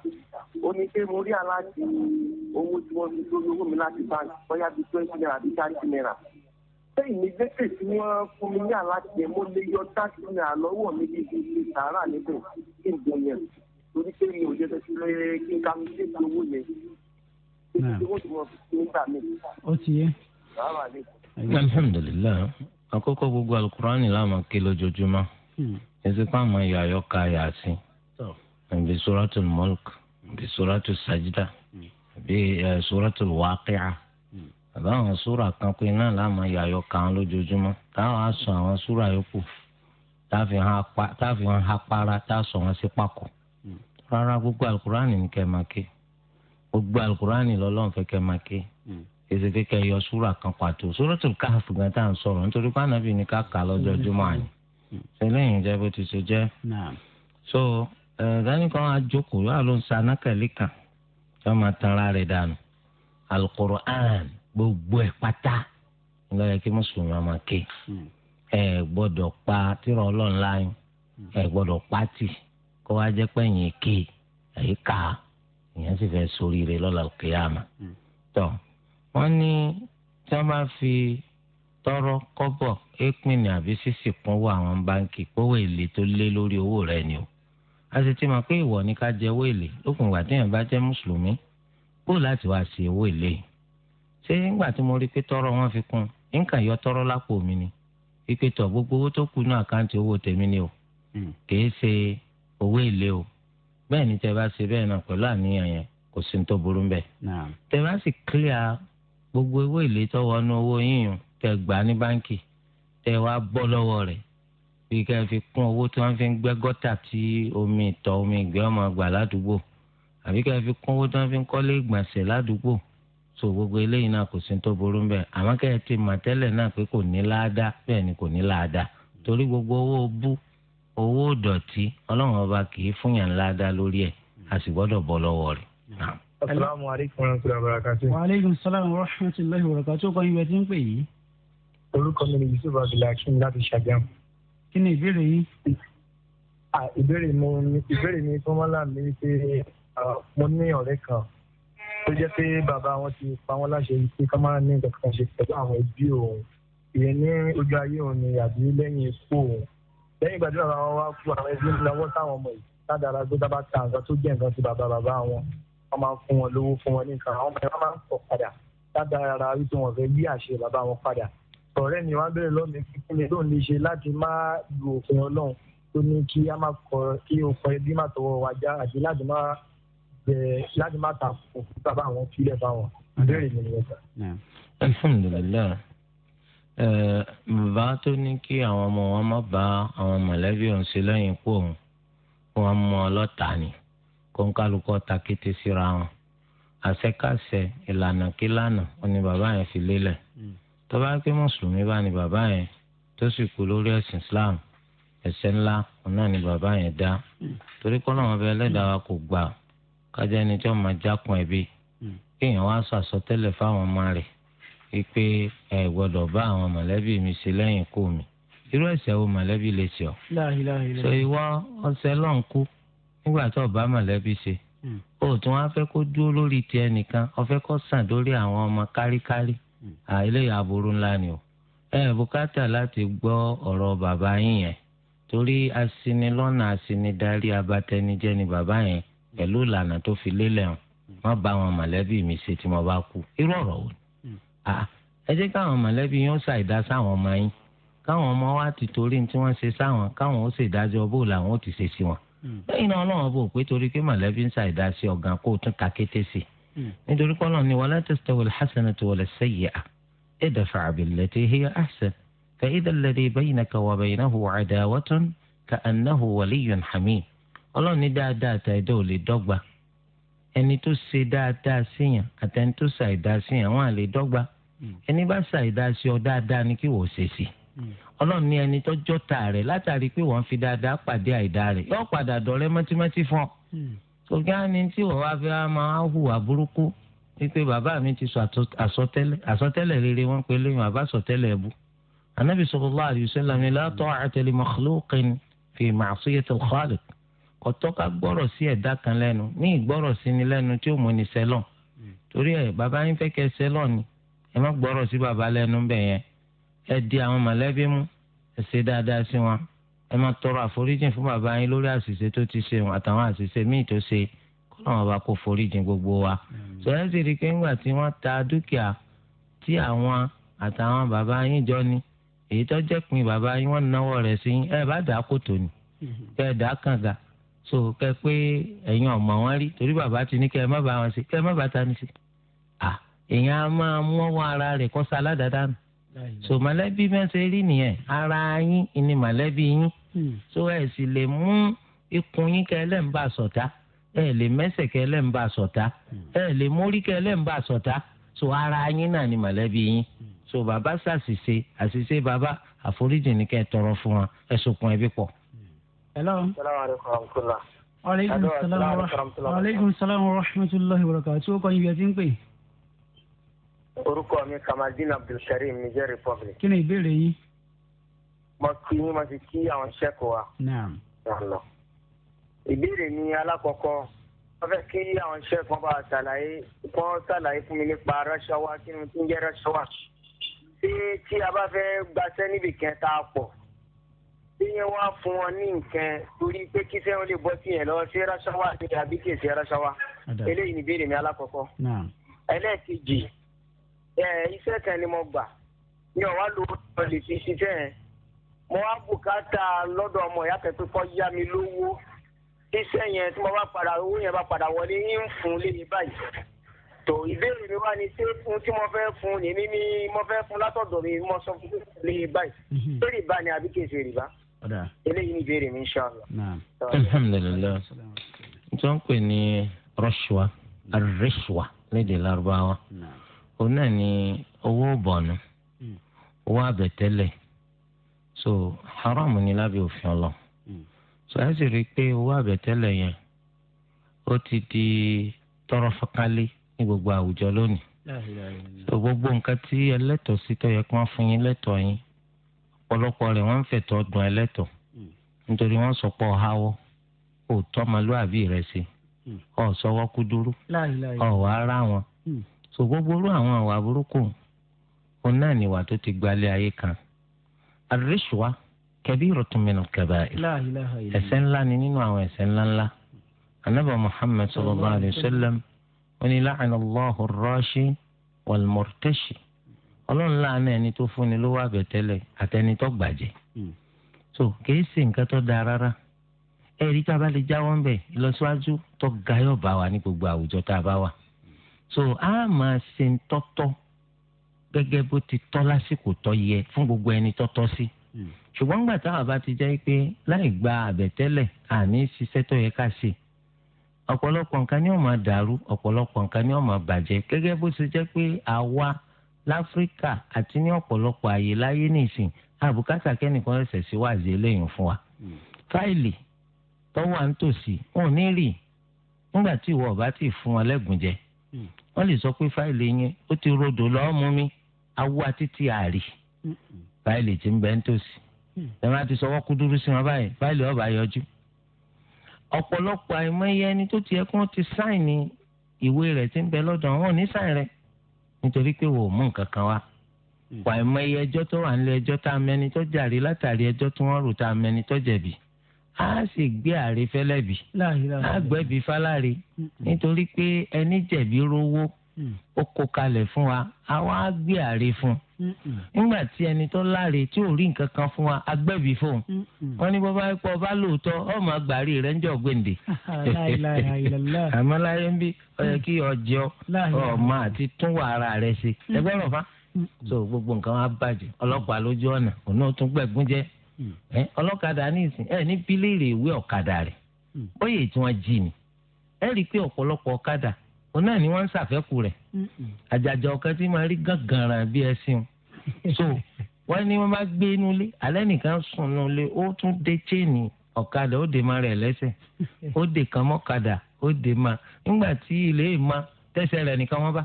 ó ní pé mo rí aláàtì owó tí wọ́n fi lórí owó mi láti báńkì bóyá bíi twenty naira bíi thirty naira sẹ́yìn ní gbèsè tí wọ́n fún mi ní aláàtì yẹn mo lè yọ thirty naira lọ́wọ́ mi bíi bíi sàárà níbẹ̀ kí n bọ̀ yẹn torí pé mi ò jẹ́ fẹ́ kí n ká mi ṣe ti owó yẹn owó tí wọ́n fi ń gbà mí. ó ti yẹ. alhamdulilayi àkọ́kọ́ gbogbo alukurani la máa ké lójoojúmọ́ ẹsẹ pa àwọn ẹyọ àbí suratul mulk àbí suratul sajida àbí suratul waqi'a àbá àwọn súrà kan pé náà láàmú yàyọ kan lójoojúmọ́ táwọn á sọ àwọn súrà yòókù táàfin hàn apára táàsọ wọn sí pákó rárá gbogbo alukurani ní kẹ́ máa ké gbogbo alukurani lọ́lọ́run fẹ́ kẹ́ máa ké èsì kékeré yọ súrà kan pàtó suratul Kahf gan tá à ń sọ̀rọ̀ nítorí pé ànábì ní ká kà lọ́jọ́ àná ṣẹlẹ́yìn jẹ́ bó ti ṣe jẹ́ so ẹ̀ẹ́dání kan á jókòó yóò ló ń sa anákẹ́lẹ́ kan yóò máa tan ara rẹ̀ dànù alukur'an gbogbo ẹ̀ pátá ló yẹ kí mùsùlùmí ọmọ ké hmm. ẹ gbọ́dọ̀ pa tírọ̀ ọlọ́run láyún hmm. ẹ gbọ́dọ̀ pátì kó wá jẹ́ pé ẹ̀yìn ké ẹ̀yìn ká ìyẹn sì fẹ́ sórí rẹ̀ lọ́la òkè àmà hmm. tọ́ wọ́n ní tí wọ́n bá fi tọrọ kọ́bọ̀ ẹ̀pìn ní àbí sísì kún wọ àwọn báńkì kówó èlé tó lé lórí owó rẹ̀ ni o a sì ti mọ̀ pé ìwọ ni ká jẹ owó èlé lókun ìgbà téèyàn bá jẹ́ mùsùlùmí kó láti wá sí owó èlé ṣé nígbà tí mo rí pé tọrọ wọn fi kún nǹkan yọ tọrọ lápò mi ni pípé tọ gbogbo owó tó kù ní àkáǹtì owó tèmi ni o hmm. kìí ṣe owó èlé o bẹ́ẹ̀ ni tẹ bá ṣe bẹ́ẹ̀ náà pẹ̀lú àníyàn yẹn kò sí ní tó burú bẹ́ẹ̀. tẹ bá sì clear gbogbo owó èlé tó wọnú owó yíyan tẹ gbà ní báǹkì tẹ wá bọ́ lọ́wọ́ rẹ̀ bí ká fi kún owó tí wọ́n fi ń gbẹ́ gọ́tà tí omi ìtọ̀ omi ìgbẹ́ ọmọ gbà ládùúgbò àbí ká fi kún owó tí wọ́n fi ń kọ́lé ìgbọ̀nsẹ̀ ládùúgbò so gbogbo eléyìí náà kò sí tó burú bẹ́ẹ̀ àmọ́ kẹ́ ẹ ti mọ̀ tẹ́lẹ̀ náà pé kò ní láada bẹ́ẹ̀ ni kò ní láada torí gbogbo owó bú owó dọ̀tí ọlọ́run ọba kì í fún yàn láada lórí ẹ̀ a sì gbọ́dọ̀ bọ́ lọ́wọ́ rẹ̀. asalaamualeykum wa rahmatulahi wa barakatu. wa aleykum salaam wa rahmatulahi wa barakatu. ó kọ́ ibi ẹ ti ń pè yìí. orúkọ mi ni yusuf abdullahi akim láti ṣàgámù kí ni ìbéèrè yín. ìbéèrè mi ìbéèrè mi tó máa ń là mí pé mo ní ọ̀rẹ́ kan tó jẹ́ pé bàbá wọn ti pa wọ́n láṣẹ pé ká máa ní nǹkan kan ṣe pẹ̀lú àwọn ẹbí òun ìyẹn ní ojú ayé òun ni àbí lẹ́yìn ikú òun lẹ́yìn ìgbà tí bàbá wọn wá kú àwọn ẹbí ńlá wọ́n táwọn ọmọ yìí ládàra gbé dábàá ta nǹkan tó jẹ́ nǹkan ti bàbá bàbá wọn wọ́n máa fún wọn lówó fún wọn ní nǹkan àwọn ọmọ yẹn wọ́n máa ń pọ̀ padà ládàra wípé wọ́n fẹ́ gbé àṣẹ bàbá wọn padà ọ̀rẹ́ mi wá bẹ̀rẹ̀ lọ́mí kí ni lóun lè ṣe láti má lu òfin ọlọ́run tó ní kí a má kọ kí òfin ẹbí má tọwọ́ wa já àti láti má bẹ láti má ta kò sábà àwọn fílẹ̀ fáwọn ìbéèrè mi ni ẹ̀ka. alhamdulilayi bàbá tó ní kí àwọn ọmọ wọn má bá àwọn mọ̀lẹ́bí òun ṣe lẹ́yìn pò òun wọn mú ọ ni kó ta kété síra wọn àṣekáṣe ìlànà kílànà òun bàbá yẹn fi lélẹ̀. Hmm tọ́ba pé mùsùlùmí bá ní bàbá yẹn tó sì kú lórí ẹ̀sìn islam ẹ̀ṣẹ̀ ńlá òun náà ni bàbá yẹn dá torí kọ́nà wọn bẹ ẹlẹ́dàá wa kò gbà kájá ẹni tí wọ́n máa jákun ẹ̀bí kéèyàn wá sọ àsọtẹ́lẹ̀ fáwọn ọmọ rẹ̀ wípé ẹ gbọ́dọ̀ bá àwọn mọ̀lẹ́bí mi ṣe lẹ́yìn kú mi irú ẹ̀ṣẹ̀ wo mọ̀lẹ́bí lè ṣe ọ́ ṣe ìwọ ọ̀sẹ̀ lọ́n nígbà tó bá mọ̀lẹ́bí ṣe ó hmm. tún wá fẹ́ kó dúró lórí tiẹ̀ nìkan ó fẹ́ kó sàn lórí àwọn ọmọ káríkárí àìlèyà aburú ńlá ni o ẹ bùkátà láti gbọ́ ọ̀rọ̀ bàbá yín yẹn torí asinilọ́nà asinidarí abatẹnijẹ́ ni bàbá yẹn pẹ̀lú ìlànà tó fi lélẹ̀ hàn má bá àwọn mọ̀lẹ́bí mi ṣe tí mo bá kú irú ọ̀rọ̀ wò ni. ẹ jẹ́ káwọn mọ̀lẹ́bí yín ó ṣàìdá sáwọn ọmọ yín káwọn ọmọ wa ti torí tí wọ́n ṣe sáwọn káwọn ó ṣèdájọ́ bó làwọn ó ti ṣe sí wọn. Hmm. lẹ́yìn náà ọlọ́run bò pé torí pé mọ̀lẹ́bí ń ṣàìdá sí ọ̀gá kó o tún ta kété sí i nítorí kọ́lọ́ ni wala tastawi al-hasanatu wala as-sayyi'atu idfa' billati hiya ahsan fa idha alladhi baynaka wa baynahu 'adawatun ka'annahu waliyyun hamim ọlọ́run ní dáadáa ta ẹ̀dá ò lè dọ́gba ẹni tó ṣe dáadáa síyàn àtẹni tó ṣàìdá síyàn wọn à lè dọ́gba ẹni bá ṣàìdá sí ọ dáadáa ni kí wọ́n ṣe sí ọlọ́run ní ẹni tọ́jọ́ ta rẹ̀ látàrí pé wọ́n fi dáadáa pàdé àìdá rẹ̀ yóò sọ̀gá ni tí wọ́n wá fẹ́ máa hùwà burúkú wípé bàbá mi ti sọ àsọtẹ́lẹ̀ àsọtẹ́lẹ̀ rere wọ́n pe lóyún àbá sọtẹ́lẹ̀ ẹ̀bù anabi sallallahu alayhi wa sallam la ta'ata li makhluqin fi ma'siyati al-khaliq kọtọ́ka gbọ́rọ̀ sí ẹ̀dá kan lẹ́nu ní ìgbọ́rọ̀ sí ni lẹ́nu tí ó mú ni sẹ́lọ̀ torí ẹ̀ bàbá yín fẹ́ kẹ́ sẹ́lọ̀ ni ẹ má gbọ́rọ̀ sí bàbá lẹ́nu bẹ̀ yẹn ẹ di àwọn mọ̀lẹ́bí mú ẹ ṣe dáadáa sí wọn ẹ máa tọrọ àforíjìn fún bàbá yín lórí àṣìṣe tó ti ṣe àtàwọn àṣìṣe míì tó ṣe kó làwọn bá kó foríjìn gbogbo wa. sọ̀rọ̀ sì rí i pé ńgbà tí wọ́n ta dúkìá tí àwọn àtàwọn bàbá yín jọ ní èyí tó jẹ́ pin bàbá yín wọ́n náwó rẹ̀ sí ẹ bá dàá kòtò ní kẹ́ ẹ dàá kànga so kẹ́ pé ẹ̀yin ọ̀mọ̀ wọn rí torí bàbá ti ní kẹ́ ẹ má bá wọn sí kẹ́ ẹ má bá ta ni sí. à èèyàn á máa mọ́wọ́ ara rẹ̀ kọ́ sáládàá dànù so mọ̀lẹ́bí bẹ́ẹ̀ ṣe rí nìyẹn ara yín ni mọ̀lẹ́bí yín hmm. so ẹ̀ sì lè mú ikùn yín kẹ́ lẹ́ ń bá sọ̀tá ẹ̀ lè mẹ́sẹ̀ kẹ́ lẹ́ ń bá sọ̀tá hmm. ẹ̀ lè mórí kẹ́ lẹ́ ń bá sọ̀tá so ara yín náà ni mọ̀lẹ́bí yín hmm. so bàbá ṣàṣìṣe àṣìṣe bàbá àforíjì ni kẹ́ ẹ tọrọ fún wa ẹ sokun ẹbí pọ̀. hello. aleykum salaam wa rahmatulahi wa barakatuh tí ó kọ́ ibi ẹ ti ń pè é orúkọ mi kamaldeen abdulkareem niger republic. kí ni ìbéèrè yín. mo kí ni mo ti kí àwọn sẹ́kù wa. ọ̀nà ìbéèrè mi alákọ̀ọ́kọ́ wọ́n fẹ́ kí àwọn sẹ́kù bá ṣàlàyé kọ́ ṣàlàyé fún mi nípa rọ́ṣọ́wá kí ni tí ń jẹ́ rọ́ṣọ́wá. ṣé tí a bá fẹ́ gbaṣẹ́ níbi kan tá a pọ̀ bí yẹn wá fún wọn ní nǹkan torí pé kí sẹ́wọ́n lè bọ́ sí yẹn lọ ṣé rọ́ṣọ́wá ni àbí kì í ṣe rọ́ṣọ́wá. eléyìí ni ìbéèrè mi alákọ̀ọ́kọ́. ẹlẹ́ẹ̀kejì iṣẹ́ kan ni mo gbà mi ò wá lo owó lè fi ṣiṣẹ́ yẹn mo wá bùkátà lọ́dọ̀ ọmọ ìyá kan pé kó yá mi lówó iṣẹ́ yẹn tí mo bá padà owó yẹn bá padà wọlé ń fún léyìn báyìí tó ìbéèrè mi wá ni ṣé fún tí mo fẹ́ fún ni ní ní mo fẹ́ fún látọ̀dọ̀ mi mo sọ fún léyìn báyìí mhm. ṣé rìbá ni àbí kèsì rìbá eléyìí ni ìbéèrè mi ń ṣe àlọ́. alhamdulilayi tí wọ́n ń pè ní rọ́ṣùwà àrẹ́ṣùwà lédè lárúbáwá òun náà ni owó bọ̀nù hmm. owó àbẹ̀tẹ́lẹ̀ so haram ni lábẹ́ òfin ọlọ hmm. so ẹ sì rí i pé owó àbẹ̀tẹ́lẹ̀ yẹn ó ti di tọrọ fọkálé ní gbogbo àwùjọ lónìí so gbogbo nǹkan tí ẹlẹ́tọ̀ọ́ sí tó yẹ kí wọ́n fún yín lẹ́tọ̀ọ́ yín ọ̀pọ̀lọpọ̀ rẹ̀ wọ́n ń fẹ̀tọ́ dùn ẹlẹ́tọ̀ọ́ hmm. nítorí wọ́n sọ pé ọ̀háwọ́ kò ọmọlúwàbí rẹ̀ sí ọ̀ sọ́wọ́ kú ọ̀ wá rá wọn so gbogbo irú àwọn àwà burúkú òun náà ni ìwà tó ti gbalẹ̀ ayé kan àríṣùwà kabiratun min al-kaba'ir ẹ̀ṣẹ̀ ńlá ni nínú àwọn ẹ̀ṣẹ̀ ńlá ńlá anábà muhammed sallallahu alayhi wa sallam oní Allahu rashi wal-murtashi ọlọ́run ẹni tó fúnni ló wà bẹ̀tẹ́lẹ̀ àtẹni tó gbàjẹ́ hmm. so kìí ṣe nǹkan tó dáa rárá ẹ̀rí tá a bá lè jáwọ́ ń bẹ̀ ìlọsíwájú tó ga bá wa ní gbogbo àwùjọ tá a bá wà so a máa ṣe ń tọ́tọ́ gẹ́gẹ́ bó ti tọ́ lásìkò tọ́ yẹ fún gbogbo ẹni tọ́tọ́ sí. Hmm. ṣùgbọ́n gbà táwọn bá ti jẹ́ pé láì gba àbẹ̀tẹ́lẹ̀ àní ṣiṣẹ́ tó yẹ ká ṣe ọ̀pọ̀lọpọ̀ nǹkan ni ó máa dàrú ọ̀pọ̀lọpọ̀ nǹkan ni ó máa bàjẹ́ gẹ́gẹ́ bó ṣe jẹ́ pé àwa láfíríkà àti ní ọ̀pọ̀lọpọ̀ àyè láyé nìsín àbùkátà kẹ́nìkan ẹ̀sẹ̀ sí wáàzì eléyìí fún wa. Hmm. fáìlì tọ́wọ́ à ń tòsí wọn ò ní rí nígbà tí ìwọ ọ̀bá Hmm. wọ́n lè sọ pé fáìlì yẹn ó ti rodò lọ́ọ́mú mi awọ àtìtì àrí fáìlì ti ń bẹ nítòsí lẹ́yìn hmm. àti sọwọ́ kúdúrú sí wọn báyìí fáìlì ọba yọjú ọ̀pọ̀lọpọ̀ àìmọye ẹni tó ti yẹ kí wọ́n ti sáìnì ìwé rẹ̀ ti ń bẹ lọ́dọ̀ wọn ò rẹ̀ nítorí pé wò ó mú nǹkan kan wá pàìmọye hmm. ẹjọ́ tó wà nílé ẹjọ́ tá a mẹ́ni tó jàre látàrí ẹjọ́ tí wọ́n rò tá a mẹ́ni tó jẹ̀bi a sì gbé àrè fẹlẹ́bì àgbẹ̀bí fáláre nítorí pé ẹni jẹ̀bi rówó mm. ó kó kalẹ̀ fún wa a wá gbé àrè fún un nígbà tí ẹni tó láre tí ò rí nǹkan kan fún wa agbẹ́bí fóun wọn ní bọ́bá pọ̀ bá lóòótọ́ ọmọ àgbàrí rẹ̀ ń jọ gbèǹde àmọ́ ń bí ó kí ọjọ́ ọmọ àti túnwà ara rẹ̀ ṣe ẹgbẹ́ rọ̀ fa so gbogbo nǹkan wa bàjẹ́ ọlọ́pàá lójú ọ̀nà òun náà tún gbẹ̀gún jẹ́ ẹ hmm. eh, ọlọ́kadà ní ìsìn ẹ ní bíléèrè ìwé ọ̀kadà rẹ̀ bóyá hmm. tí wọ́n jí ni ẹ rí i pé ọ̀pọ̀lọpọ̀ ọ̀kadà òun náà ni wọ́n ń ṣàfẹ́kù rẹ̀ hmm. àjàjà ọ̀kan tí máa rí gàngàrà bí ẹ so wọ́n ní wọ́n bá gbé inú ilé alẹ́ nìkan sùn inú ilé ó tún dé chéènì ọ̀kadà ó dè má rẹ̀ lẹ́sẹ̀ ó dè kàn mọ́kadà ó dè má nígbà tí ilé ìma tẹ́sẹ̀ rẹ̀ nìkan wọ́n bá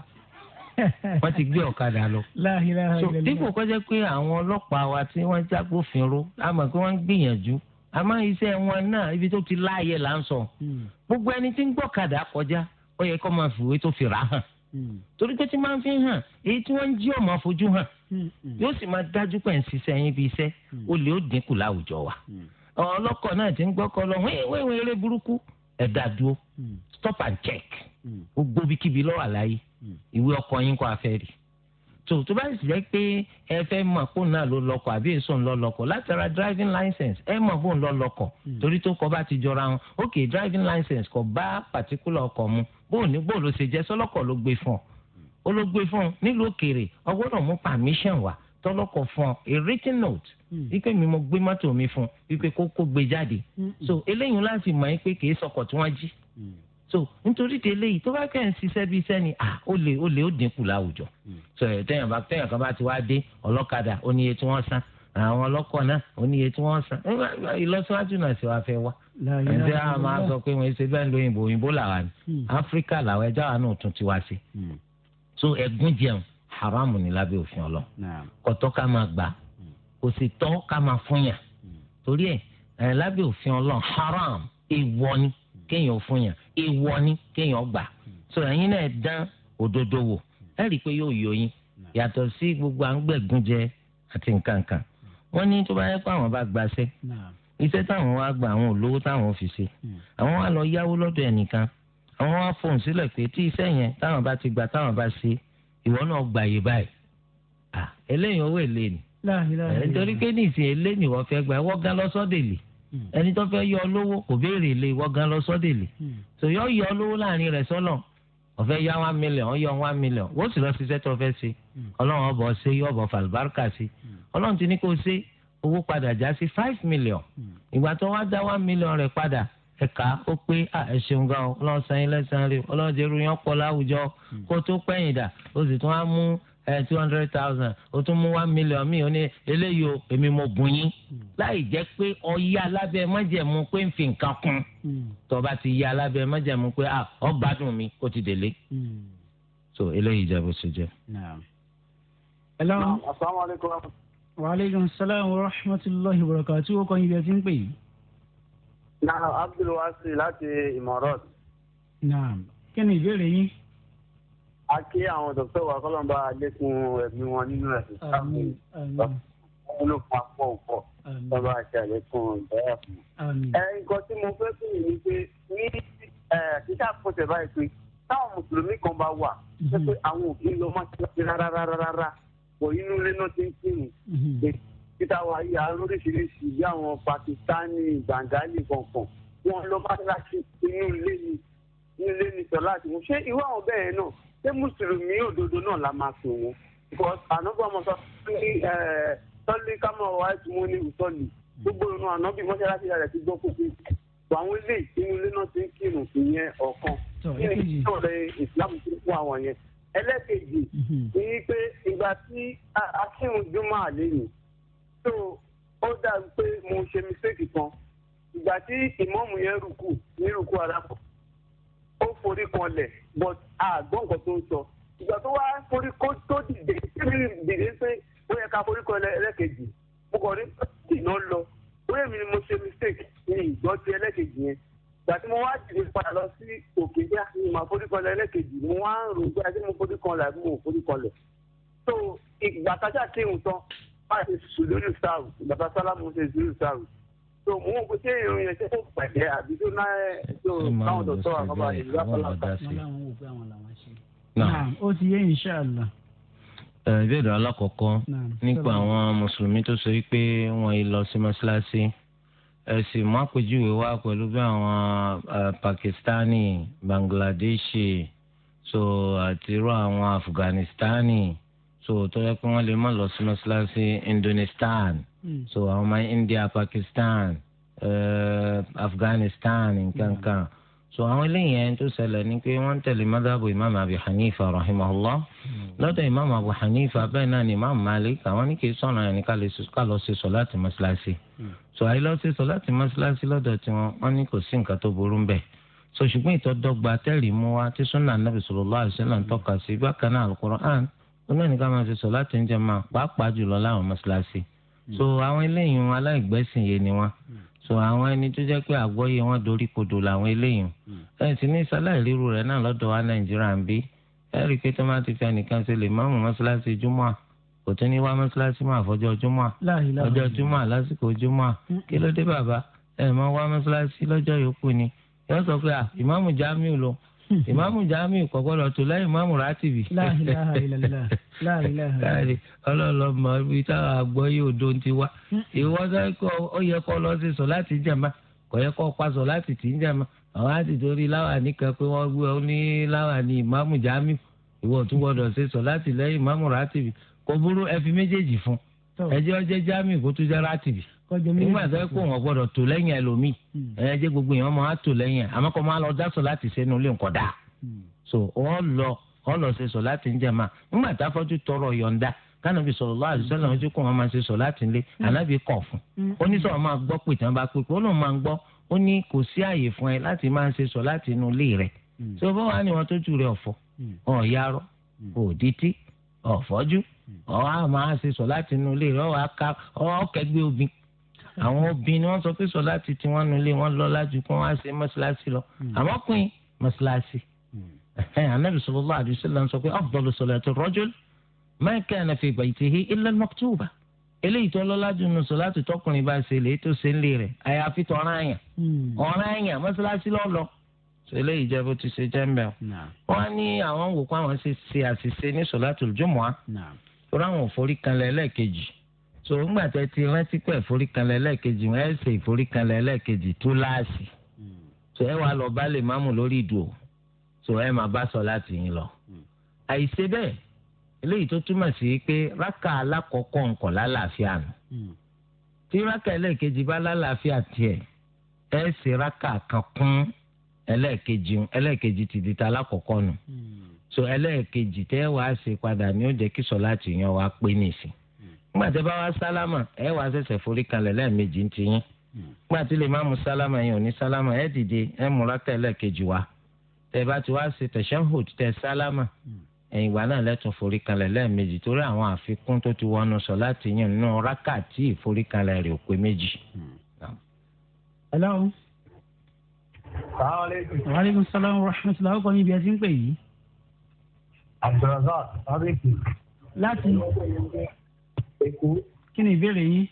wọ́n ti gbé ọ̀kadà lọ. so dípò kọjá pé àwọn ọlọ́pàá wa tí wọ́n jágbófinró àmọ́ pé wọ́n ń gbìyànjú àmọ́ iṣẹ́ wọn náà ibi tó ti láàyè là ń sọ. Hmm. gbogbo ẹni tí ń gbọ́kadà kọjá ó yẹ kó máa fìwé tó fìrà hàn. Hmm. torí pé tí máa ń fi hàn èyí tí wọ́n ń jí ọmọ fojú hàn hmm, yóò sì máa dájú pé ń ṣiṣẹ́ yín bí iṣẹ́ ó lè ó dínkù láwùjọ wa. ọlọ́kọ̀ náà ti ń gbọ́kọ̀ lọ wíwíwí eré burúkú ẹ̀dá dúró stop and check. Mm Hmm. gbogbo ibikíbi lọ́wọ́ àlàyé hmm. ìwé ọkọ yín kọ́ afẹ́ rí tó tó bá sì jẹ́ pé ẹ fẹ́ mọ̀ kó náà ló lọ́kọ̀ àbí èso ń lọ lọ́kọ̀ látara driving license ẹ mọ̀ bó ń lọ lọ́kọ̀ torí tó kọ bá ti jọra wọn ok driving license kò bá particular ọkọ̀ mu bó ní bó ló ṣe jẹ́ sọ́lọ́kọ̀ ló gbé fún ọ ó hmm. ló gbé fún ọ nílùú òkèèrè ọgbọ́dọ̀ mú permission wá tọ́lọ́kọ̀ fún ọ a written note wípé mi mo gbé mọ́tò mi fún wípé kó kó gbé jáde so eléyìí láti mọ̀ yín pé kì í sọkọ̀ tí wọ́n jí so nítorí délé yìí tó bá kẹ́ ń ṣiṣẹ́ bíi sẹ́ni ó lè ó lè ó dínkù láwùjọ hmm. so tẹ̀yàn bá tẹ̀yàn kan bá ti wá dé ọlọ́kadà ó níye tí wọ́n san àwọn ọlọ́kọ̀ náà ó níye tí wọ́n san ìlọsíwájú náà sì wá fẹ́ wá ẹ̀jẹ̀ á máa sọ pé wọ́n ṣe bẹ́ẹ̀ lóyìnbó òyìnbó làwọn ni hmm. áfíríkà làwọn ẹja wa náà tún ti wá sí hmm. so ẹ̀gún jẹun haramu ni lábẹ́ òfin ọlọ kọ̀tọ́ ká máa gbà kò sì tọ́ ká máa fúnyà torí ẹ̀ lábẹ́ òfin ọlọ haram èèwọ̀ ni kéèyàn fún yàn èèwọ̀ ni kéèyàn gbà so ẹ̀yin náà dán òdodo wò ẹ rí i pé yóò yọ yín yàtọ̀ sí gbogbo à ń gbẹ̀gùn jẹ àti nǹkan kan wọ́n ní tó bá yẹ pé àwọn bá gbaṣẹ́ iṣẹ́ táwọn wá gba àwọn olówó táwọn fi ṣe àwọn wá lọ yáwó lọ́dọ̀ ẹnìkan àwọn wá fòun sílẹ̀ pé tí iṣẹ́ yẹn táwọn bá ti gbà táwọn bá ṣe ìwọ náà gbà yé báyìí eléyìí owó èlé ni nítorí pé ní ìsìn èlé ni wọ́n fẹ́ gbà wọ́n gán lọ́sọ́dẹ̀lì Hmm. ẹni tó fẹ́ yọ lówó kò béèrè lé ìwọ gan lọ sọ́dẹ̀lẹ̀ tó hmm. yọ yọ lówó láàrin rẹ̀ sọ́lọ̀ ọ̀fẹ́ yá one million ọ̀yọ́ one million wọ́n sì lọ ṣiṣẹ́ tó fẹ́ ṣe hmm. ọlọ́run ọbọ̀ ṣe yọ̀bọ̀ fàlùbáríkà sí ọlọ́run ti ní kó ṣe owó padà já sí five million ìgbà tó wá dá one million rẹ̀ padà ẹ̀ka ó pé ẹ ṣeun gan ọlọ́run sanyín lẹ́sàn-án rẹ̀ ọlọ́run jẹ́rú yẹn pọ̀ láwùjọ kó tó pẹ́yìn dà ó sì tún á mú two hundred thousand o tún mú one million mi ò ní eléyìí o èmi mo bùn yín láì jẹ́ pé ọyá alábẹ́ májẹ̀mú pé ń fi nǹkan kún hmm. tọba ti yá alábẹ́ májẹ̀mú pé à ah, ọ gbádùn mi kó ti délé hmm. so eléyìí jẹ́ bó ṣe jẹ́. hello. asalaamualeykum. wa salaam wa rahmatulahi wa barakatuh o kàn yín bí ẹ ti ń pè yín. naam abdulwasi láti imorot. naam kí ni ìbéèrè yín a kí àwọn dókítà wa kọ́lọ́mbà lẹ́kùn ẹ̀mí wọn nínú ẹ̀sìn sáàmù ìlú fún apọ̀ òpọ̀ bàbá àti àlékún ìdáyà fún un. ẹ nǹkan tí mo fẹ́ fún yìí ni pé ní kíkà fọ̀tẹ̀ báyìí pé táwọn mùsùlùmí kan bá wà mhm. ṣé pé àwọn òbí lọ máa ti láti rárá rárá rárá kò inú ilé náà ti ń kírun. kíkà mhm. wa yìí àrùn oríṣiríṣi bí àwọn pakistani bengali kankan wọn lọ bá láti inú ilé ni ilé ni sọ láti mú ṣé irú àwọn bẹ́ẹ̀ náà ṣé mùsùlùmí òdodo náà la máa fi wọn because ànábì ọmọ sọ ní sọlí kámọ wa ti mú ní ìsọlì gbogbo inú ànábì mọ́ṣáláṣí rẹ̀ ti gbọ́ kókó àwọn ilé ìpinnu ilé náà ti ń kírun ìyẹn ọ̀kan kí ni kí ọ̀rẹ́ ìsìlámù ti fún àwọn yẹn ẹlẹ́kejì mhm. ni pé ìgbà tí akínrun jùmọ̀ àlẹ́ yìí tó ó dàbí pé mo ṣe mistake kan ìgbà tí ìmọ̀ọ́mù yẹn rúkù ní rúkù arákùn forí kanlẹ̀ but àgbọ̀n nǹkan tó ń sọ ìgbà tó wá forí kó tó dìde tèmi dìde pé ó yẹ ká forí kanlẹ̀ ẹlẹ́kejì mo kàn rí ìná lọ ó yẹ mi ni mo ṣe mistake ní ìgbọ́ ti ẹlẹ́kejì yẹn ìgbà tí mo wá dìde padà lọ sí òkè bí àfihàn máa forí kanlẹ̀ ẹlẹ́kejì mo wá ń rò bí a ti mo forí kanlẹ̀ àbí mo forí kanlẹ̀ so ìgbà kájà kí n tán bá ṣe sùn lórí sáà ìgbà tá tó mú wọn kó tẹ́yìn ìrìn ẹ̀ṣẹ́ ti yé inṣàlá. ìbéèrè alákọ̀ọ́kọ́ nípa àwọn mùsùlùmí tó sọ pé wọ́n yìí lọ sí mọ́ṣáláṣí ẹ̀sìn mọ́ wá pẹ̀lú bí àwọn Pakistani Bangladeshi so àti irú àwọn Afghanistani. So, so tó yẹ pé wọ́n lè má lọ sí mọ́ṣáláṣí Indonesia hmm. so àwọn ọmọ India Pakistan uh, Afghanistan nǹkankan hmm. so àwọn eléyìí ẹni tó ṣẹlẹ̀ ni pé wọ́n ń tẹ̀lé madhabu imam Abi Hanifa rahimahullah hmm. lọ́dọ̀ imam Abu Hanifa bẹ́ẹ̀ náà ni imam Malik àwọn ní kì í sọ̀rọ̀ ẹni ká lọ sí sọ láti mọ́ṣáláṣí so àyè lọ sí sọ láti mọ́ṣáláṣí lọ́dọ̀ tiwọn wọ́n ní kò sí nǹkan tó burú ń so ṣùgbọ́n ìtọ́dọ́gba tẹ́lẹ̀ mú wa tí sunna anabi sallallahu alaihi wasallam tọ́ka sí bákan náà al-Qur'an olóòní ká máa fi sọ láti ń jẹ máa pàápàá jùlọ láwọn mọ́ṣáláṣí hmm. so àwọn eléyìí wọn aláìgbẹ́sìn yé ni wọn hmm. so àwọn ẹni tó jẹ́ pé àgbọ́yé wọn dorí kodò làwọn eléyìí hmm. ẹ̀ sì ní sáláìríru rẹ̀ náà lọ́dọ̀ wa nàìjíríà ń bí ẹ̀ rí i pé tó máa ti fẹ́ nìkan ṣe lè máàmù mọ́ṣáláṣí júmọ́ kò tún ní wá mọ́ṣáláṣí máa fọjọ́ júmọ́ ọjọ́ júmọ́ lásìkò júmọ́ kí ló dé bàbá ẹ̀ máa wá mọ́ṣáláṣí lọ́jọ́ yòókù ni yóò sọ pé ìmáàmù Jamiu lọ ìmáàmù jamiu kò gbọ́dọ̀ tó lẹ́yìn ìmáàmù rátìbì. ọlọ́lọ́ mọ ibi táwọn àgbọ̀ yóò do ti wá ìwọ sọ́kọ́ ó yẹ kó lọ sí sọ láti jàmá kò yẹ kó paṣọ láti tì í jàmá àwọn àti torí láwàní kan pé wọ́n gbé ọ ní láwàní ìmáàmù jamiu ìwọ tún gbọ́dọ̀ sí sọ láti lẹ́yìn ìmáàmù rátìbì kò burú ẹ méjèèjì fún ẹjẹ́ ọjẹ́ jamiu kó tún jẹ́ rátìbì kọjọ mi. nígbà tó yẹ kó wọn gbọ́dọ̀ tó lẹ́yìn ẹlòmíì ẹyẹ hmm. jẹ gbogbo yẹn wọn máa tó lẹ́yìn àmọ́ kọ máa lọ dásọ láti sẹnu lè nkọ dà hmm. so wọn lọ wọn lọ ṣe sọ láti ń jẹma nígbà tá a fọjú tọrọ yọ̀ǹda kánàbì sọ̀rọ̀ lọ́wọ́ àdìsọ́ làwọn ojú kó wọn máa ṣe sọ láti lé hmm. ànábì kọ̀ fún oníṣòwò máa gbọ́ pé tí wọ́n bá pè pé ó lóun máa ń gbọ́ ó ní kò sí àyè fún ẹ láti máa ṣe sọ láti inú ilé rẹ̀ so bó wàá ní wọn tó jù rẹ ọ̀fọ̀ ọ̀yarọ̀ òdìtí ọ̀fọ́jú ọ̀ á máa ṣe sọ láti inú ilé rẹ̀ ọ̀ á ká ọ̀ kẹgbẹ́ obìn àwọn obìnrin wọn sọ pé sọ láti tí wọn nulẹ wọn lọ láti kó wọn á ṣe mọ́ṣáláṣí lọ hmm. àmọ́ pin mọ́ṣáláṣí anabi hmm. sallallahu alaihi wasallam sọ pé afdalu salati ar-rajul ma kana fi baytihi illa al-maktuba eléyìí tó lọ́lá jù nù sọ láti tọkùnrin bá ṣe lè tó ṣe ń lè rẹ̀ àyàfi tọ̀ràn àyàn hmm. ọ̀ràn àyàn mọ́ṣáláṣí lọ́lọ́ ṣe eléyìí jẹ́ bó ti ṣe jẹ́ mbẹ́ wọn ní àwọn wò pé àwọn ṣe ṣe àṣìṣe ní sọ̀látùl jumu'ah tó ráwọn òforí kan lẹ́ẹ̀kejì so ńgbà tẹ ti rántí pé ìforíkanlẹ̀ lẹ́ẹ̀kejì wọn ẹ ṣe ìforíkanlẹ̀ lẹ́ẹ̀kejì tó láàsì so ẹ wàá lọ bá lè lórí ìdùn so ẹ máa bá sọ láti yín lọ. àìṣe bẹ́ẹ̀ eléyìí tó túmọ̀ sí pé rákà alákọ̀ọ́kọ́ nǹkan lálàáfíà nù tí rákà ẹlẹ́ẹ̀kejì bá lálàáfíà tiẹ̀ ẹ ṣe rákà kan kún ẹlẹ́ẹ̀kejì ẹlẹ́ẹ̀kejì ti di ta alákọ̀ọ́kọ́ nù so ẹlẹ́ẹ̀kejì tẹ́ wàá ṣe padà ní ó jẹ́ kí sọ láti yín wàá pé nìsín nígbà tí ẹ bá wá sálámà ẹ wàá ṣẹ̀ṣẹ̀ forí kalẹ̀ lẹ́ẹ̀mejì ń tiyín nígbà tí lè má mu sálámà yẹn ò ní sálámà ẹ dìde ẹ múra tẹ́lẹ̀ kejì wá tẹ́ bá ti wá ṣe tashahhud tẹ́ sálámà ẹ̀yìn ìgbà náà lẹ́tún forí kalẹ̀ lẹ́ẹ̀mejì torí àwọn àfikún tó ti wọnú sọ láti yàn nínú rákàtí ìforí kalẹ̀ rẹ̀ ò pé méjì. ẹlọ́run. salaamaleykum. waaleykum salaam wa rahmatulah ọkọ níbi ẹ ti ń pè yìí. abdulrasaq abdulrasaq. Èkó. Kí ni ìbéèrè yín?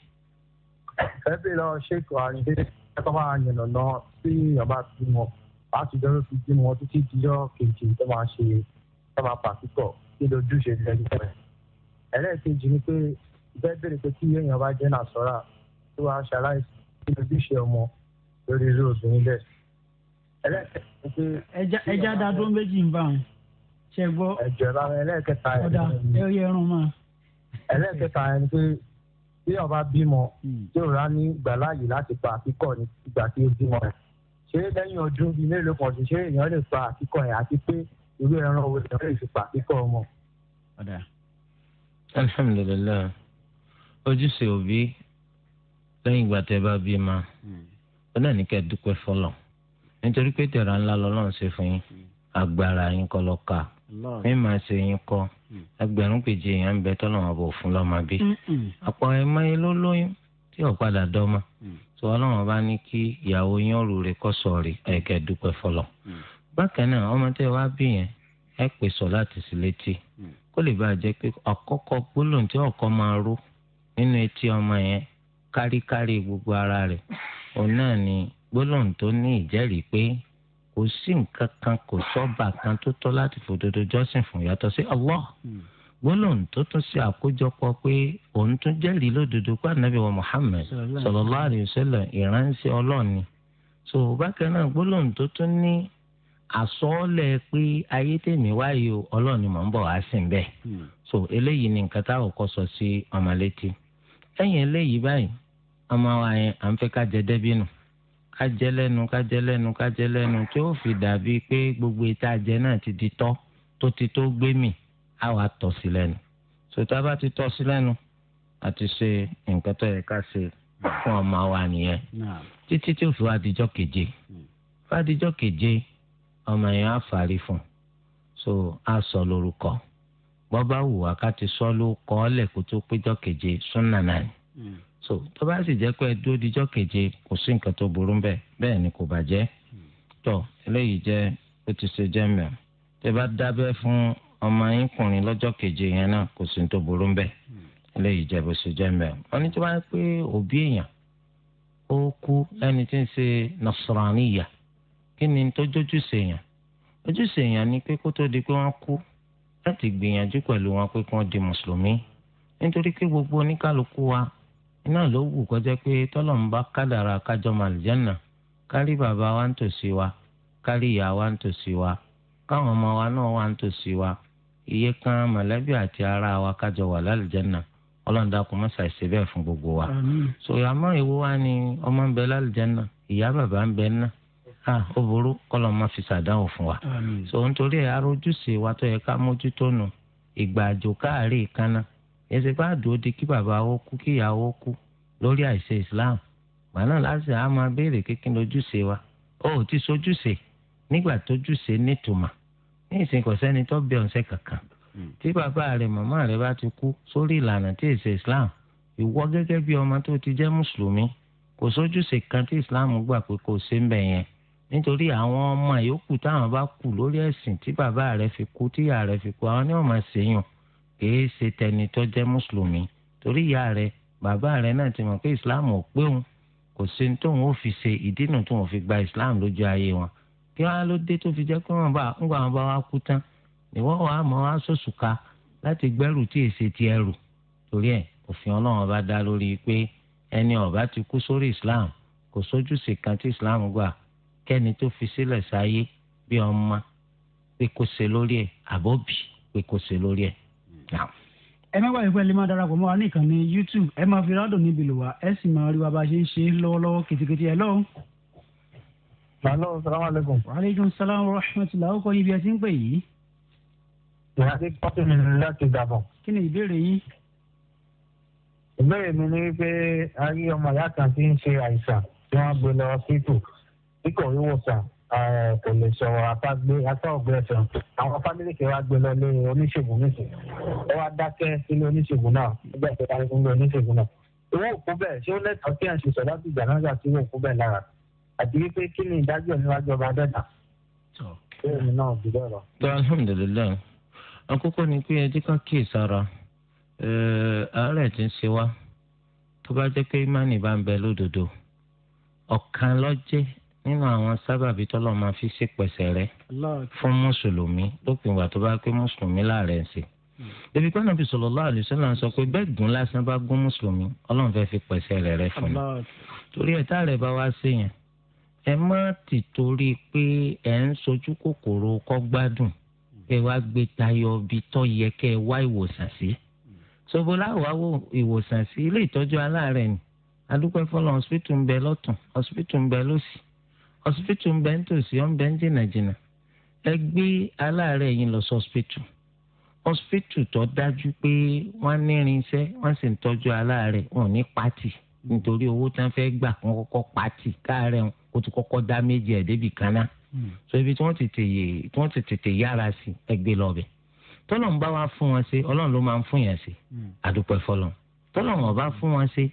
Ẹ bèèrè lọ ṣèkọ àyìndé ẹ̀kọ́ máa yànnà náà tí èèyàn bá ti mọ̀ láti jọ́ fi bí wọn títí díjọ́ kejì tó máa ṣe tó máa pàṣípọ̀ kí lójúṣe lẹ́yìn rẹ̀. Ẹlẹ́ẹ̀kejì ni pé ìfẹ́ bèèrè pé kí èèyàn bá jẹ́ nàṣọ́ra tó wàá ṣaláìsí kí lójúṣe ọmọ lórí irú obìnrin lẹ̀. Ẹlẹ́ẹ̀kejì ni pé. Ẹja dá dúró méjì ń bá wọn. Ṣẹ gbọ́. Ẹ̀jọ̀ ìbára ẹlẹ́ẹ̀kẹta ẹ̀ ẹlẹ́ẹ̀kẹta hmm. ẹni pé tí ọba bímọ hmm. tí ò rá ní gbàláàyè láti pa àkíkọ ní ìgbà tí ó bímọ rẹ̀ ṣé lẹ́yìn ọdún bíi mélòó kan ṣe èèyàn lè pa àkíkọ yẹn àti pé irú ẹran wo lè lè fi pa àkíkọ ọmọ. alhamdulilayi ojúṣe òbí lẹ́yìn ìgbà tẹ́ bá bímọ hmm. ó náà ní kẹ́ dúpẹ́ fọlọ́ nítorí pé tẹ̀ra ńlá lọ́lọ́run ṣe fún yín agbára yín kọ́ lọ́ka. ẹ máa ṣe yín kọ hmm. ẹgbẹ̀rún péjì èèyàn ń bẹ tọ́lọ́wọ́n bò fún lọ́mọ bi. Hmm. ọ̀pọ̀ ẹ̀mọ́ yẹn ló lóyún tí ò padà dọ́mọ tó hmm. bá ní kí ìyàwó yín ọ̀rù kọ́ sọ̀rí ẹ̀kẹ́ dúpẹ́ bákan náà ọmọ bí yẹn pè láti sí létí kó lè àkọ́kọ́ gbólóhùn tí máa kò sí nǹkan kan kò sọ́ba kan tó tọ́ láti fòdodo jọ́sìn fún yàtọ̀ sí Allah hmm. gbólóhùn tó tún ṣe àkójọpọ̀ pé òun tún jẹ́rìí lódodo pé ànábì wa Muhammad sallallahu alaihi ìránṣẹ́ ọlọ́ọ̀ni so bákan náà gbólóhùn tó tún ní àsọọ́lẹ̀ pé ayé tèmi wáyé o ọlọ́run ń bọ̀ wá sí hmm. so eléyìí ni nǹkan táwọn sọ sí ọmọ kájẹlẹ́nu kájẹlẹ́nu kájẹlẹ́nu tí ó fi dàbí pé gbogbo ìta jẹ náà ti di tọ́ tó ti tó gbé mì á wàá tọ̀ sí lẹ́nu sòtá bá ti tọ́ sí lẹ́nu àti ṣe nǹkan tó yẹ ká ṣe fún ọmọ wa nìyẹn títí tí ó fi wá dijọ́ keje hmm. wá dijọ́ keje ọmọ yẹn á fàárí fún so á sọ lórúkọ bọ́ bá wù wá ká ti sọ ló kọ́ ọ́ lẹ̀ kó tó péjọ́ keje súnà náà ni so tó bá sì jẹ́ pé dúró dijọ́ keje kò sí nǹkan tó burú bẹ́ẹ̀ bẹ́ẹ̀ ni kò bàjẹ́ tó eléyìí jẹ́ ó ti ṣe jẹ́ mẹ́rin tẹ́ bá dábẹ́ fún ọmọ yín kùnrin lọ́jọ́ keje yẹn náà kò sí tó burú bẹ́ẹ̀ eléyìí jẹ́ bó ṣe jẹ́ mẹ́rin wọ́n ní tó bá pé òbí èèyàn ó kú ẹni tí ń ṣe nasraniya kí ni tó jójúṣe èèyàn ojúṣe èèyàn ni pé kó tó di pé wọ́n kú láti gbìyànjú pẹ̀lú wọn pé kí wọ́n di mùsùlùmí nítorí pé gbogbo oníkálukú wa náà ló wù kọjá pé tọ́lọ́mùbá kádàrà kájọ màlìjánà kárí bàbá wa ń tòsí wa kárí ìyá wa ń tòsí wa káwọn ọmọ wa náà wà ń tòsí wa iye kan mọ̀lẹ́bí àti ará wa kájọ wà lálìjánà ọlọ́ọ̀dà kò mọ̀ ṣàìṣe bẹ́ẹ̀ fún gbogbo wa. sòyà mọ́ ìwo wa ni ọmọ ń bẹ lálìjánà ìyá bàbá ń bẹ náà ah ó burú kọlọ ma fi sàdánwò fún wa. so nítorí ẹ arójúṣe wa tó yẹ ká mójútó nù ìgbà àjò káàárẹ̀ ìkànnà ẹsẹ̀ bá dùn ó di kí bàbá ó kú kí ìyá kú lórí àìṣe islam màánà láti á máa béèrè kékin lójúṣe wa ó ti sojúṣe nígbà tójúṣe nítumà ní ìsìn kò sẹ́ni tó bẹ ọ̀sẹ̀ kankan hmm. tí bàbá rẹ̀ màmá rẹ̀ bá ti kú sórí ìlànà tí èsè islam ìwọ gẹ́gẹ́ bí ọmọ tó ti jẹ́ mùsùlùmí kò sojúṣe kan tí islam gbà pé kò ṣe ń bẹ yẹn nítorí àwọn ọmọ yòókù táwọn bá kù lórí ẹ̀sìn tí bàbá rẹ̀ fi kú tíyà rẹ̀ fi kú àwọn ni wọ́n máa ṣèyàn kìí ṣe tẹni tó jẹ́ mùsùlùmí torí ìyá rẹ̀ bàbá rẹ̀ náà ti mọ̀ pé islam ò pé òun kò sí ní tóun ó fi ṣe ìdínà tó wọn fi gba islam lójú ayé wọn kí wọn ló dé tó fi jẹ́ pé wọn bá ńgbà wọn bá wá kú tán ìwọ wàá mọ wá sòṣùkà láti gbẹ́rù tí èsè ti ẹrù torí ẹ̀ òfin Ọlọ́run bá dá lórí pé ẹni ó ti kú sórí islam kò sójúṣe kan tí islam gbà kẹ́ni tó fi sílẹ̀ sáyé bí ọmọ pé kò ṣe lórí ẹ̀ àbọ̀bì pé kò ṣe lórí ẹ̀ ẹ má gbàgbé pé ẹ lè máa darapọ̀ mọ́ wa ní ìkànnì youtube ẹ máa fi rádò níbi lò wá ẹ sì máa rí wa bá a ṣe ń ṣe lọ́wọ́lọ́wọ́ kìtìkìtì ẹ lọ́wọ́. Hello, salaam aleykum. Wa aleykum salaam wa rahmatulah. Ó kọ́ ibi ẹ ti ń pè yìí. Ìyá ti pọ́sí mi láti dàbọ̀. Kí ni ìbéèrè yín? Ìbéèrè mi ni pé a rí ọmọ ìyá kan tí ń ṣe àìsàn tí wọ́n gbé lọ sí tò tí kò rí wòsàn. Eh, kò lè sọ̀rọ̀ afá gbé afá ọ̀gbẹ́ ẹ̀sán àwọn fámílìkì wa gbé lọ lé oníṣègùn nìsín ẹ wá dákẹ́ sílé oníṣègùn náà oníṣègùn náà owó òkú bẹẹ, ṣé ó kí ṣe sọ̀dá ti si náà sí òkú bẹ́ẹ̀ lára àti wípé kí ni ọba náà bí lọ. alhamdulilayi ni pé ẹjẹ ká kí ìsara ti ń ṣe wá tó bá pé bá ń bẹ lódodo nínú àwọn sábàbí tọ́lọ̀ máa fi ṣèpẹ̀sẹ̀ rẹ fún mùsùlùmí lópin ìgbà tó bá pé mùsùlùmí láàrẹ̀ ń ṣe. ebi kan nàbì sallallahu alaihi wasallam sọ pé bẹ́ẹ̀ gún lásán bá gún mùsùlùmí ọlọ́run fẹ́ fi pẹ̀sẹ̀ rẹ̀ rẹ fún mi. torí ẹ̀tá rẹ̀ bá wá sí yẹn ẹ má ti torí pé ẹ̀ ń sojú kòkòrò kọ́ gbádùn kẹ́ wá gbé tayọ bí tọ́ yẹ kẹ́ wá ìwòsàn sí. sobola wà wò ìwòsàn sí ilé ìtọ́jú aláàrẹ̀ ni adúpẹ́ fọlọ́ hospital ń bẹ lọ́tún hospital ń bẹ lọ́sì ọsibítù ń bẹ ń tòsí ọ ń bẹ ń jìnnà jìnnà ẹ gbé aláàárẹ̀ yín lọ sí ọsibítù ọsibítù tó dájú pé wọ́n ní irinṣẹ́ wọ́n sì ń tọ́jú aláàárẹ̀ wọn ní pátì nítorí owó tí wọ́n fẹ́ gbà wọ́n kọ́kọ́ pátì káàárẹ̀ wọn kó ti kọ́kọ́ dá méjì ẹ̀ débi kan hmm. so ibi tí wọ́n ti tètè yára sí ẹ gbé lọ bẹ̀ tọ́lọ́run bá wá fún wọn ṣe ọlọ́run ló máa ń fún yẹn ṣe àdúpẹ́ hmm. fọlọ́run tọ́lọ́run ọba fún wọn ṣe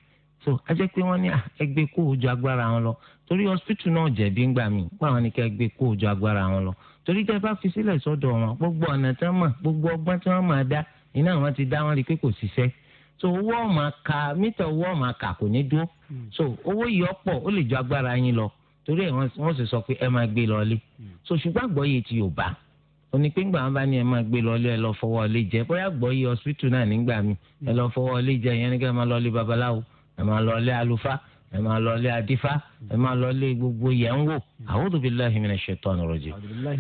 so a jẹ́ pé wọ́n ní ẹgbẹ́ kó o jọ agbára wọn lọ torí hospital náà jẹ̀bi ń gbà mí pé àwọn ní ká ẹgbẹ́ kó o jọ agbára wọn lọ torí tẹ́ bá fi sílẹ̀ sọ́dọ̀ wọn gbogbo ọ̀nà tí wọ́n mọ̀ gbogbo ọgbọ́n tí wọ́n máa dá iná wọn ti dá wọn rí pé kò ṣiṣẹ́ so owó ọ̀mà ka mítà owó ọ̀mà kà kò ní dúró hmm. so owó yìí ọ̀pọ̀ ó lè jọ agbára yín lọ torí ẹ̀ wọ́n sì sọ pé ẹ máa gbé lọlé hmm. so ṣùgbọ́n àgbọ̀yé ti Yorùbá onípéǹgbà wọn bá ní ẹ máa gbé lọlé ẹ lọ fọwọ́ ọlé jẹ bóyá àgbọ̀yé hospital náà nígbà mi ẹ lọ fọwọ́ ọlé jẹ ìyẹn ní máa lọlé babaláwo ẹ máa lọ ilé àlùfáà ẹ máa lọ ẹ máa lọ gbogbo yẹnwò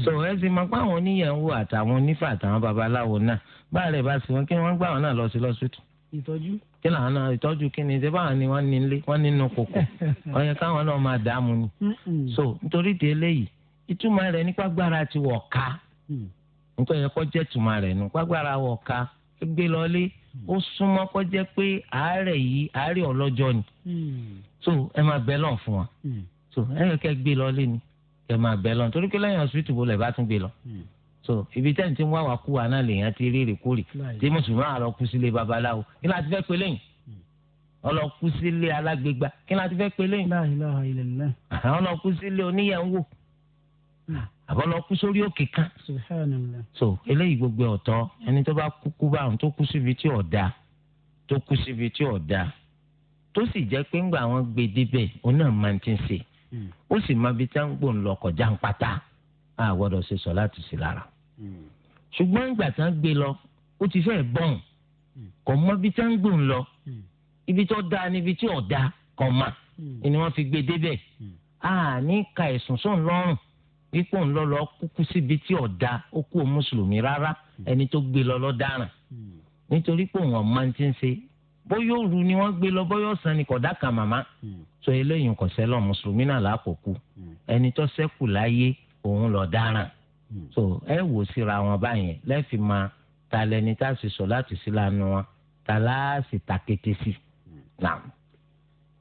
so ẹ sì máa pa àwọn oníyẹnwò àtàwọn onífà àtàwọn babaláwo náà báà rẹ bá sí wọn kí wọn gbà wọn náà lọ sí lọsítù. ìtọ́jú. kí làwọn náà ìtọ́jú kí ni ṣé báwọn ni wọ́n ní ilé wọ́n nínú kòkó wọ́n yẹ káwọn náà máa dààmú ni. so nítorí ti eléyìí ìtumọ̀ rẹ̀ mm. nípa gbé lọlé ó súnmọ́ kó jẹ́ pé àárẹ̀ yìí àárẹ̀ ọlọ́jọ́ ni hmm. so ẹ máa bẹ́ lọ́n fún wa hmm. so ẹ̀yìn kẹ́ gbé lọlé ni ẹ máa bẹ́ lọ́n torí pé lẹ́yìn ọ̀sìtì wo lẹ̀ bá tún gbé lọ hmm. so ibi tẹ́ni tí ń wá wa kú wa náà lèèyàn ti rí rèkórè tí mùsùlùmí àrọ̀ kú sílé babaláwo kí ni a ti fẹ́ pe lẹ́yìn ọlọ́kú sílé alágbègbà kí ni a ti fẹ́ pe lẹ́yìn ọlọ́kú sílé oníyẹ̀wò àbọ̀ lọ kú sórí òkè kan. so eléyìí gbogbo ọ̀tọ̀ ẹni tó bá kúkú báwọn tó kú síbi tí ọ̀dà tó kú síbi tí ọ̀dà tó sì jẹ́ pé ńgbà wọn gbé débẹ̀ òun náà máa ti ń ṣe hmm. ó sì máa bi tá ń gbòòn lọ kọjá ń pátá a gbọ́dọ̀ ṣe sọ láti sí lára. Hmm. ṣùgbọ́n ìgbà tá ń gbé lọ ó ti fẹ́ bọ̀n hmm. kò mọ bí tá ń gbòòn lọ ibi tó dáa níbi tí ọ̀dà kò mà ni wọ́n fi gbé débẹ̀ a ní ka ẹ̀sùn sóun lọ́rùn wípé òun lọ lọ kúkú síbi tí ọ̀dà ó kú mùsùlùmí rárá hmm. ẹni tó gbé lọ lọ dáràn hmm. nítorí pé òun ọ̀ma ti ń ṣe bóyá òru ni wọ́n gbé lọ bóyá ọ̀sán ni kódà kan màmá hmm. sọ eléyìí kò sẹ́lọ̀ mùsùlùmí náà lákòókò ẹni tó ṣẹ́kù láyé òun lọ dáràn so ẹ wò síra wọn báyẹn lẹ́ẹ̀fì máa ta lẹni tá a sì sọ láti sí wọn ta láà ta kété sí náà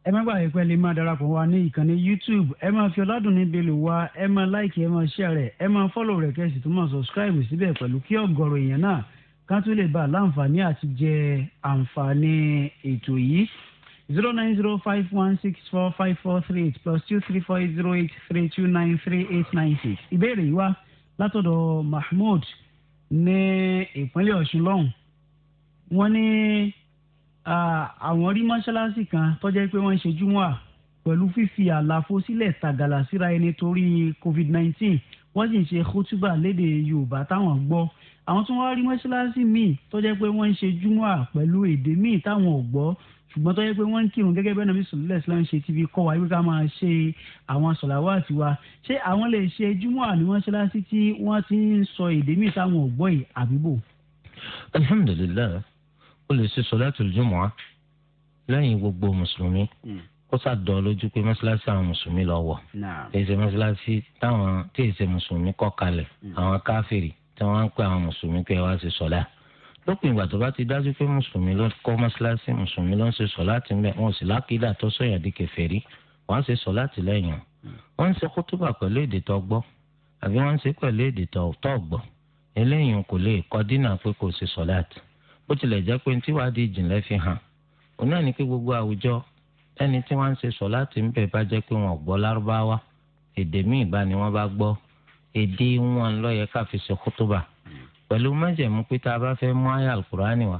ẹ má gbàgbé pé lè máa darapọ̀ wa ní ìkànnì youtube ẹ máa fi ọ̀làdùnní belò wa ẹ máa láìkì ẹ máa share rẹ̀ ẹ máa fọ́lọ̀ rẹ̀ kẹ́sì tó máa sọ̀scribe síbẹ̀ pẹ̀lú kí ọ̀gọ̀rọ̀ èèyàn náà ká tó lè bá láǹfààní àti jẹ àǹfààní ètò yìí zero nine zero five one six four five four three eight plus two three four eight zero eight three two nine three eight nine six ìbéèrè yìí wá látọ̀dọ̀ mahmood ní ìpínlẹ̀ ọ̀ṣun lọ́hùn wọ́n ní àwọn rí mọ́ṣáláṣí kan tó jẹ́ pé wọ́n ń ṣe júmọ́à pẹ̀lú fífi àlàfo sílẹ̀ tàgàlà síra ẹni torí covid-19 wọ́n sì ń ṣe kútúbà léde yorùbá táwọn gbọ́ àwọn tí wọ́n rí mọ́ṣáláṣí míì tó jẹ́ pé wọ́n ń ṣe júmọ́à pẹ̀lú èdè míì táwọn ò gbọ́ ṣùgbọ́n tó yẹ pé wọ́n ń kírun gẹ́gẹ́ bẹ́ẹ̀ nàbí sùlùlẹ̀ islam ṣe ti fi kọ́ wa wípé ká máa ṣe àwọn sọ̀làwàtì wa ṣé àwọn lè ṣe júmọ́ àní mọ́ṣáláṣí tí wọ́n ti ń sọ èdè míì táwọn ò gbọ́ yìí àbíbò. alhamdulilayi ó lè ṣe sọ̀látùl jumu'ah lẹ́yìn gbogbo mùsùlùmí kó hmm. sàdọ̀ lójú pé mọ́ṣáláṣí àwọn mùsùlùmí lọ wọ̀ èsè mọ́ṣáláṣí táwọn tí èsè mùsùlùmí kọ́ kalẹ̀ hmm. àwọn káfìrì tí wọ́n ń pè àwọn mùsùlùmí pé wá ṣe sọ̀lá lópin ìgbà tó bá ti dájú pé mùsùlùmí ló kọ́ mọ́ṣáláṣí mùsùlùmí ló ń ṣe sọ̀lá tì ń bẹ̀ wọn ò sì lákìdá tó sọ̀yàn di kèfèrí wọ́n ń ṣe sọ̀lá tì lẹ́yìn hmm. wọ́n ń ṣe kútúbà pẹ̀lú èdè tó gbọ́ àbí wọ́n ń ṣe pẹ̀lú èdè tó gbọ́ eléyìí kò lè kọ́ dínà pé kò ṣe sọ̀lá tì bó tilẹ̀ jẹ́ pé tí wàá di ìjìnlẹ̀ fi hàn òun náà ní pé gbogbo àwùjọ ẹni tí wọ́n ń ṣe sọ láti ń bẹ̀ bá jẹ́ pé wọn gbọ́ lárúbáwá èdè míì bá ni wọ́n bá gbọ́ èdè wọn lọ́yẹ ká fi ṣe kútúbà pẹ̀lú májẹ̀mú pé tá a bá fẹ́ mú àyà alukur'ani wa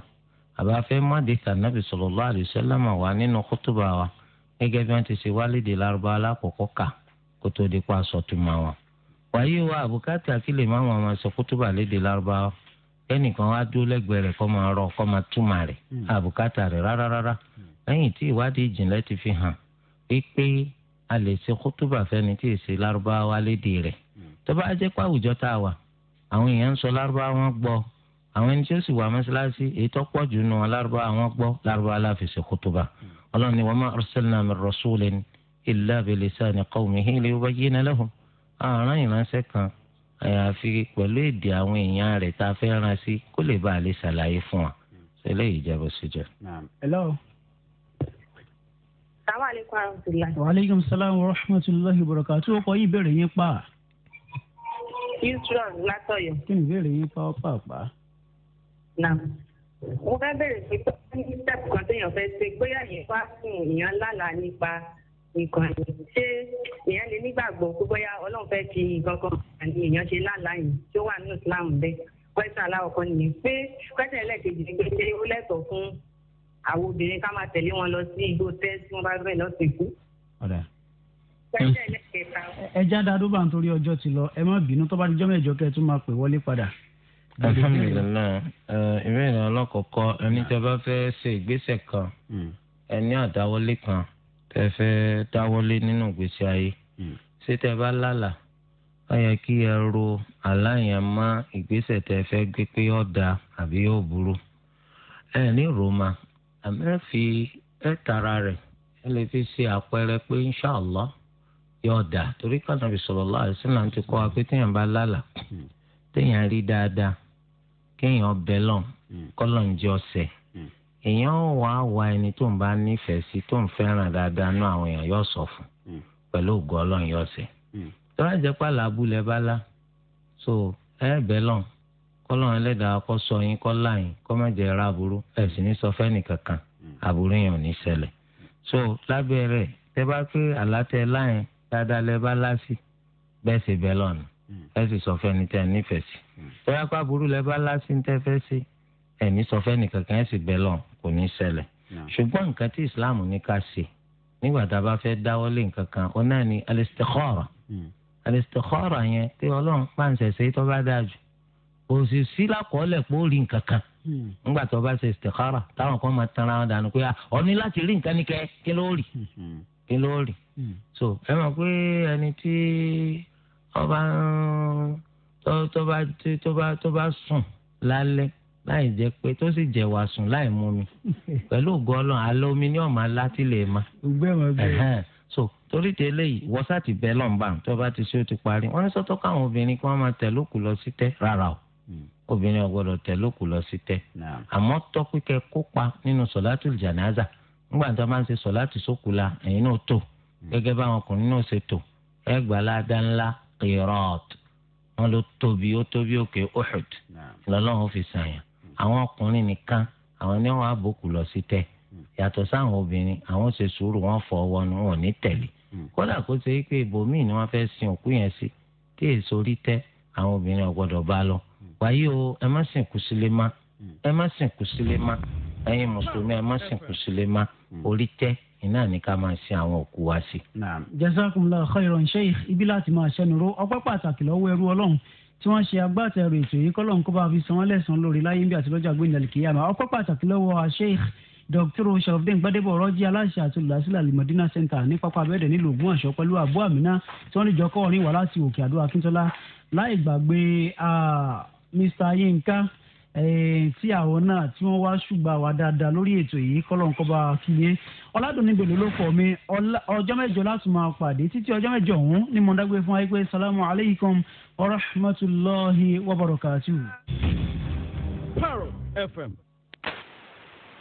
a bá fẹ́ mú àdìsá nàbì sallallahu alaihi wasallam wa nínú kútúbà wa gẹ́gẹ́ bí wọ́n ti ṣe wálìdì lárúbáwá lákòókò kà kó tó di pa sọ̀tùmọ̀ wọn. wàyí wa àbùkátà kí lè má máa ṣe kútúbà lédè lárúbáwá kẹ́nìkan wá dúró lẹ́gbẹ̀ẹ́ rẹ̀ kọ́ máa rọ kọ́ máa túmọ̀ rẹ̀ hmm. àbùkátà rẹ̀ rárá rárá lẹ́yìn tí ìwádìí ìjìnlẹ̀ ti fi hàn pé a lè ṣe kótóbà fẹ́ni tí èsì lárúbáwá lédè rẹ̀ hmm. tó bá jẹ́ pé àwùjọ tá a wà àwọn èèyàn ń sọ lárúbáwá wọn gbọ́ àwọn ẹni tí ó sì wà mọ́ṣáláṣí èyí tó pọ̀ jù nù wọn lárúbáwá wọn gbọ́ lárúbáwá la ṣe kótóbà ọlọ́run ni wa àyàfi pẹ̀lú èdè àwọn èèyàn rẹ̀ tá a fẹ́ rán sí kó lè bá a lè ṣàlàyé fún wa ṣẹlẹ̀ ìjẹ́bù síjọ. waaleykum salaam wa rahmatulahi wa barakatu ọkọ yìí bẹ̀rẹ̀ yín pa. yusran látọ̀yọ̀. kí ni ìbéèrè yín pa ọ́pá pa. mo fẹ́ bẹ̀rẹ̀ sí pé ní step kan téèyàn fẹ́ ṣe gbéyàwó fásitì ìyàn lálàá nípa nǹkan ẹ̀yìn ṣé èèyàn lè nígbàgbọ́ pé bóyá ọlọ́run fẹ́ fi nǹkan kan ní èèyàn ṣe lálàá yìí tó wà nínú Islam bẹ́ẹ̀ pẹ́sẹ̀ aláwọ̀kan nìyẹn pé pẹ́sẹ̀ ẹlẹ́ẹ̀kejì ni pé ṣé ó lẹ́tọ̀ọ́ fún àwọn obìnrin ká máa tẹ̀lé wọn lọ sí igbó tẹ́ tí wọ́n bá fẹ́ lọ sí ikú. pẹ́sẹ̀ ẹlẹ́ẹ̀kẹta. ẹ já dáadó bá ń torí ọjọ́ ti lọ ẹ má bínú tó bá di jọ́mọ̀ ìjọ kẹ́ẹ̀ tún máa pè wọlé padà. alhamdulilayi ìbéèrè ọlọ́kọ̀ọ́kọ́ ẹni tí a bá fẹ́ ṣe ìgbésẹ̀ kan hmm. ẹni àdáwọlé kan tẹ fẹ́ dáwọ́lé nínú ìgbésí ayé hmm. ṣé tẹ bá lálà ó yẹ kí ẹ ro aláyàn má ìgbésẹ̀ tẹ fẹ́ gbé pé ó dáa àbí ó burú ẹ ní roma àmì ẹ fi ẹ tara rẹ ẹ lè fi ṣe àpẹẹrẹ pé inṣàlá yóò dáa torí kànáà sallallahu alaihi wasallam ti kọ́ wa pé téèyàn bá lálà hmm. téèyàn rí dáadáa kéèyàn bẹ lọ hmm. kọlọ ń jẹ ọsẹ èèyàn ò wá wá ẹni tó ń bá nífẹ̀ẹ́ sí tó ń fẹ́ràn dáadáa náà àwọn èèyàn yóò sọ fún hmm. pẹ̀lú ògo ọlọ́run yóò ṣe. Hmm. tọ́lá jẹ́ pàlà abúlé bá so ẹ bẹ́ lọ́n kọ́lọ́run ẹlẹ́dàá kọ́ sọ yín kọ́ láyìn kọ́ má jẹ́ ra aburú ẹ̀ sì ní sọ fẹ́ni kankan aburú hmm. yẹn ò ní ṣẹlẹ̀ so lábẹ́ rẹ̀ tẹ́ bá pé àlátẹ láyìn dáadáa lẹ bá lásì bẹ́ẹ̀ sì bẹ́ lọ́nà ẹ sì sọ fẹ́ni tẹ́ nífẹ̀ẹ́ sí tọ́yá pàbùrú lẹ bá lásì ń ẹ̀mí sọ fẹ́ nìkan kan ẹ̀ sì bẹ́ẹ̀ lọ kò ní ṣẹlẹ̀ ṣùgbọ́n nǹkan tí islam ní ká ṣe nígbà tá a bá fẹ́ dáwọ́lé nǹkan kan ó náà ní alistikhara hmm. alistikhara yẹn pé ọlọ́run pàǹsẹ̀ ṣe tó bá dáa jù kò sì sí lákọọ́lẹ̀ pé ó rí nǹkan kan hmm. nígbà tó bá ṣe istikhara táwọn kan máa tanra wọn dànù pé ó ní láti rí nǹkan ní kí ló rí hmm, kí ló rí so ẹ mọ̀ pé ẹni tí ọba tó bá sùn lálẹ́ láì jẹ́ pé tó sì jẹ́ wá sùn láì mú mi pẹ̀lú ògo Ọlọ́run alẹ́ omi ni ọ̀ma láti lè ma. so torí ti eléyìí wọ́sà ti bẹ́ lọ́nba tó bá ti ṣe ó ti parí wọ́n ní sọ́tọ́ káwọn obìnrin kí wọ́n máa tẹ̀ lókù lọ sí tẹ́ rárá o hmm. obìnrin ò gbọ́dọ̀ tẹ̀ lókù lọ sí tẹ́ àmọ́ tọ́ pípẹ́ kópa nínú sọ̀látù jànáza nígbà tó máa ń ṣe sọ̀látù sókù la ẹ̀yin náà tò hmm. gẹ́gẹ́ báwọn ọkùnrin náà ṣe wọn àwọn ọkùnrin nìkan àwọn ni wọn àbòkù lọ sí tẹ hmm. yàtọ̀ sáwọn obìnrin àwọn ṣe sùúrù wọn fọ ọwọ́ ni wọn ò ní tẹ̀lé hmm. kódà kó ṣe pé ibòmíì ni wọn fẹ́ẹ́ sin òkú yẹn sí tí èso rí tẹ àwọn obìnrin ọgbọ́dọ̀ bá lọ hmm. wáyé o ẹ má sìnkú sílé má ẹ má sìnkú sílé má ẹ̀yin mùsùlùmí ẹ má sìnkú sílé má orí tẹ iná ní ká máa ṣe àwọn òkú wa sí. jazakumullahu khairan sheikh ibi láti máa ṣẹnuró ọpẹ́ pàtàkì lọ́wọ́ ẹrú Ọlọ́run tí wọ́n ṣe agbátẹrù ètò yìí kọ́lọ́n kó bá fi san wọ́n lẹ́sàn-án lórí láyé bí àti lọ́jọ́ àgbéǹdàlì kìyàmá ọpẹ́ pàtàkì lọ́wọ́ Sheikh Dr. sharafdin gbadebo rọjí aláṣẹ àti olùdásílẹ̀ alimọdínà center ní pápá abẹ́ẹ̀dẹ̀ nílùú Ògbómọ̀ṣọ́ pẹ̀lú àbú àmínà tí wọ́n níjọ kọ́ ọ̀rìn wá láti òkè àdó akíntola láì gbàgbé ah, Mr. Yinka tí àwọn náà tí wọ́n wá ṣùgbọ́n wa dáadáa lórí ètò yìí kọ́lọ́n kọ́ bá kíyé ọ̀làdùnní gbèlú ló fọ̀ mi ọjọ́ mẹ́jọ láti máa pàdé títí ọjọ́ mẹ́jọ ọ̀hún ni mo dágbé fún wa pé salamu alaykum wa rahmatulahi wa barakatuhu. Pearl FM